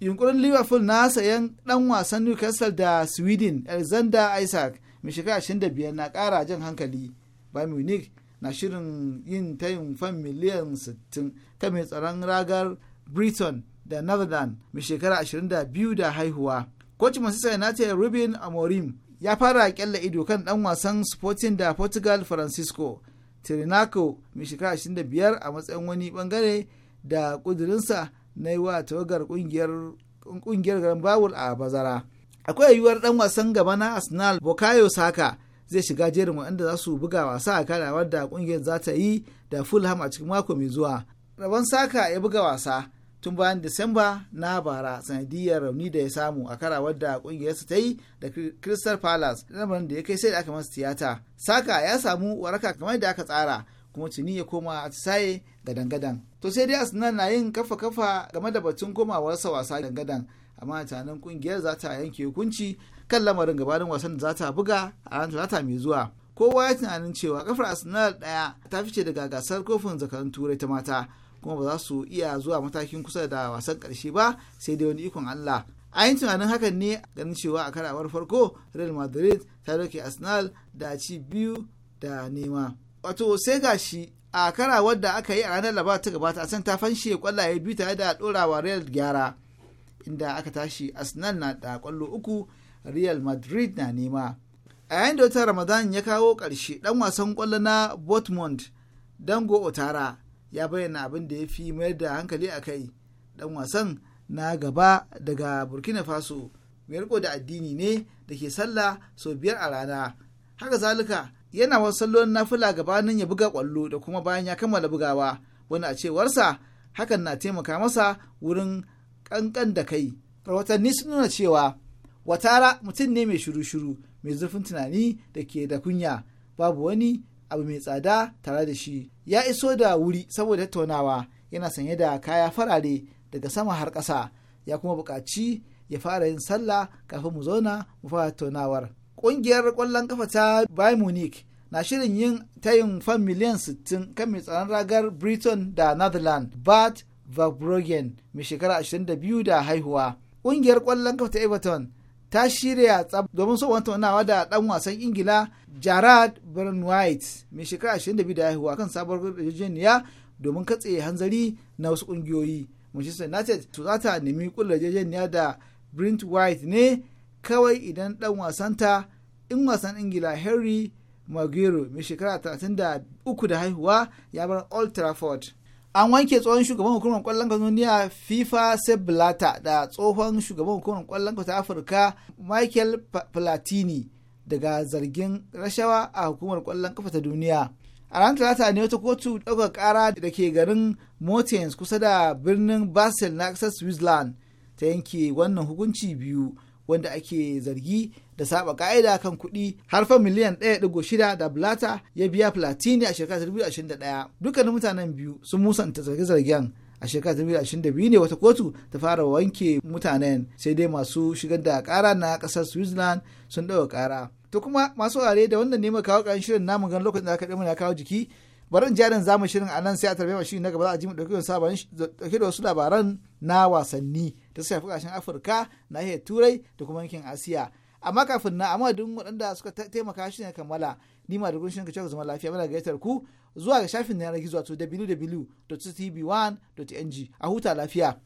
yunkurin liverpool na sayan ɗan wasan newcastle da sweden alexander isaac mai shekara 25 na kara jan hankali bayern munich na shirin yin tayin fan miliyan 60 ta mai tsaron ragar britain da northern mai shekara 22 da haihuwa kocin manchester united ruben amorim ya fara kyalla ido kan dan wasan sporting da portugal francisco tirinaco mai shekara 25 a matsayin wani bangare da kudurinsa na yi wa tawagar kungiyar garin bawul a bazara akwai yiwuwar dan wasan gaba na arsenal Bukayo saka zai shiga jerin waɗanda za su buga wasa a karawar da kungiyar za ta yi da fulham a cikin mako mai zuwa rabon saka ya buga wasa tun bayan disamba na bara sanadiyar rauni da ya samu a karawar da kungiyarsa ta yi da crystal palace lamarin da ya kai sai da aka masa tiyata saka ya samu waraka kamar da aka tsara kuma tuni ya koma a tsaye gadan-gadan to sai dai arsenal na yin kafa-kafa game da batun komawarsa wasa gadan-gadan amma tunanin kungiyar za ta yanke hukunci kan lamarin gabanin wasan da za ta buga a ranar talata mai zuwa kowa ya tunanin cewa kafar arsenal ɗaya ta fice daga gasar kofin zakarun turai ta mata kuma ba za su iya zuwa matakin kusa da wasan ƙarshe ba sai dai wani ikon Allah. A yin tunanin hakan ne ganin cewa a karawar farko Real Madrid ta doke Arsenal da ci biyu da nema. Wato sai gashi a karawar da aka yi a ranar Laba ta gabata a san ta fanshe kwallaye biyu tare da ɗorawa Real gyara inda aka tashi Arsenal na da kwallo uku Real Madrid na nema. A yayin da wata Ramadan ya kawo ƙarshe ɗan wasan kwallo na Dortmund Dango Otara ya bayyana abin da ya fi mayar da hankali a kai dan wasan na gaba daga burkina faso mai riko da addini ne da ke sallah sau biyar a rana haka zalika yana wasu sallon nafila gabanin ya buga kwallo da kuma bayan ya kammala bugawa wani a cewarsa hakan na taimaka masa wurin kankan da kai rahotanni sun nuna cewa watara mutum ne mai shiru-shiru mai zurfin tunani da ke da kunya babu wani abu mai tsada tare da shi ya iso da wuri saboda tattaunawa yana sanye da kaya farare daga sama har ƙasa ya kuma buƙaci ya fara yin sallah kafin mu zauna mu fara tattaunawar ƙungiyar ƙwallon kafa ta bayern munich na shirin yin tayin fan miliyan 60 kan mai tsaron ragar britain da netherlands bad vabrogen mai shekara 22 da haihuwa ƙungiyar ƙwallon kafa ta everton ta shirya tsab domin so tattaunawa da dan wasan ingila jarad Brown white mai shekara 22 da haihuwa kan sabuwar yarjejeniya domin katse hanzari na wasu kungiyoyi manchester united su za ta nemi kula yarjejeniya da brent white ne kawai idan dan wasanta in wasan ingila henry maguire mai shekara 33 da haihuwa ya bar old trafford an wanke tsohon shugaban hukumar kwallon kan duniya fifa sepp blatter da tsohon shugaban hukumar kwallon ta afirka michael platini daga zargin rashawa a hukumar kwallon kafa ta duniya a ran talata ne wata kotu ɗaukar kara da ke garin motens kusa da birnin basel na ƙasar switzerland ta yanke wannan hukunci biyu wanda ake zargi da saba ka'ida kan kuɗi har fa miliyan 1.6 da Blata ya biya Platini a shekarar 2021. Dukkanin mutanen biyu sun musanta zarge-zargen a shekarar 2022 ne wata kotu ta fara wanke mutanen sai dai masu shigar da kara na ƙasar Switzerland sun ɗaga kara. To kuma masu ware da wannan neman kawo ƙarshen shirin namun gan lokacin da aka ɗaya ya kawo jiki barin jarin zamu shirin a nan sai a tarbe shi na gaba za a ji mu ɗauki da wasu labaran na wasanni. ta shafi kashin afirka na nahiyar turai da kuma yankin asiya amma kafin na amma duk waɗanda suka taimaka shi ne kammala ni ma da gunshin ka cewa zama lafiya mana gaitar ku zuwa ga shafin yanar gizo wato www.tv1.ng a huta lafiya.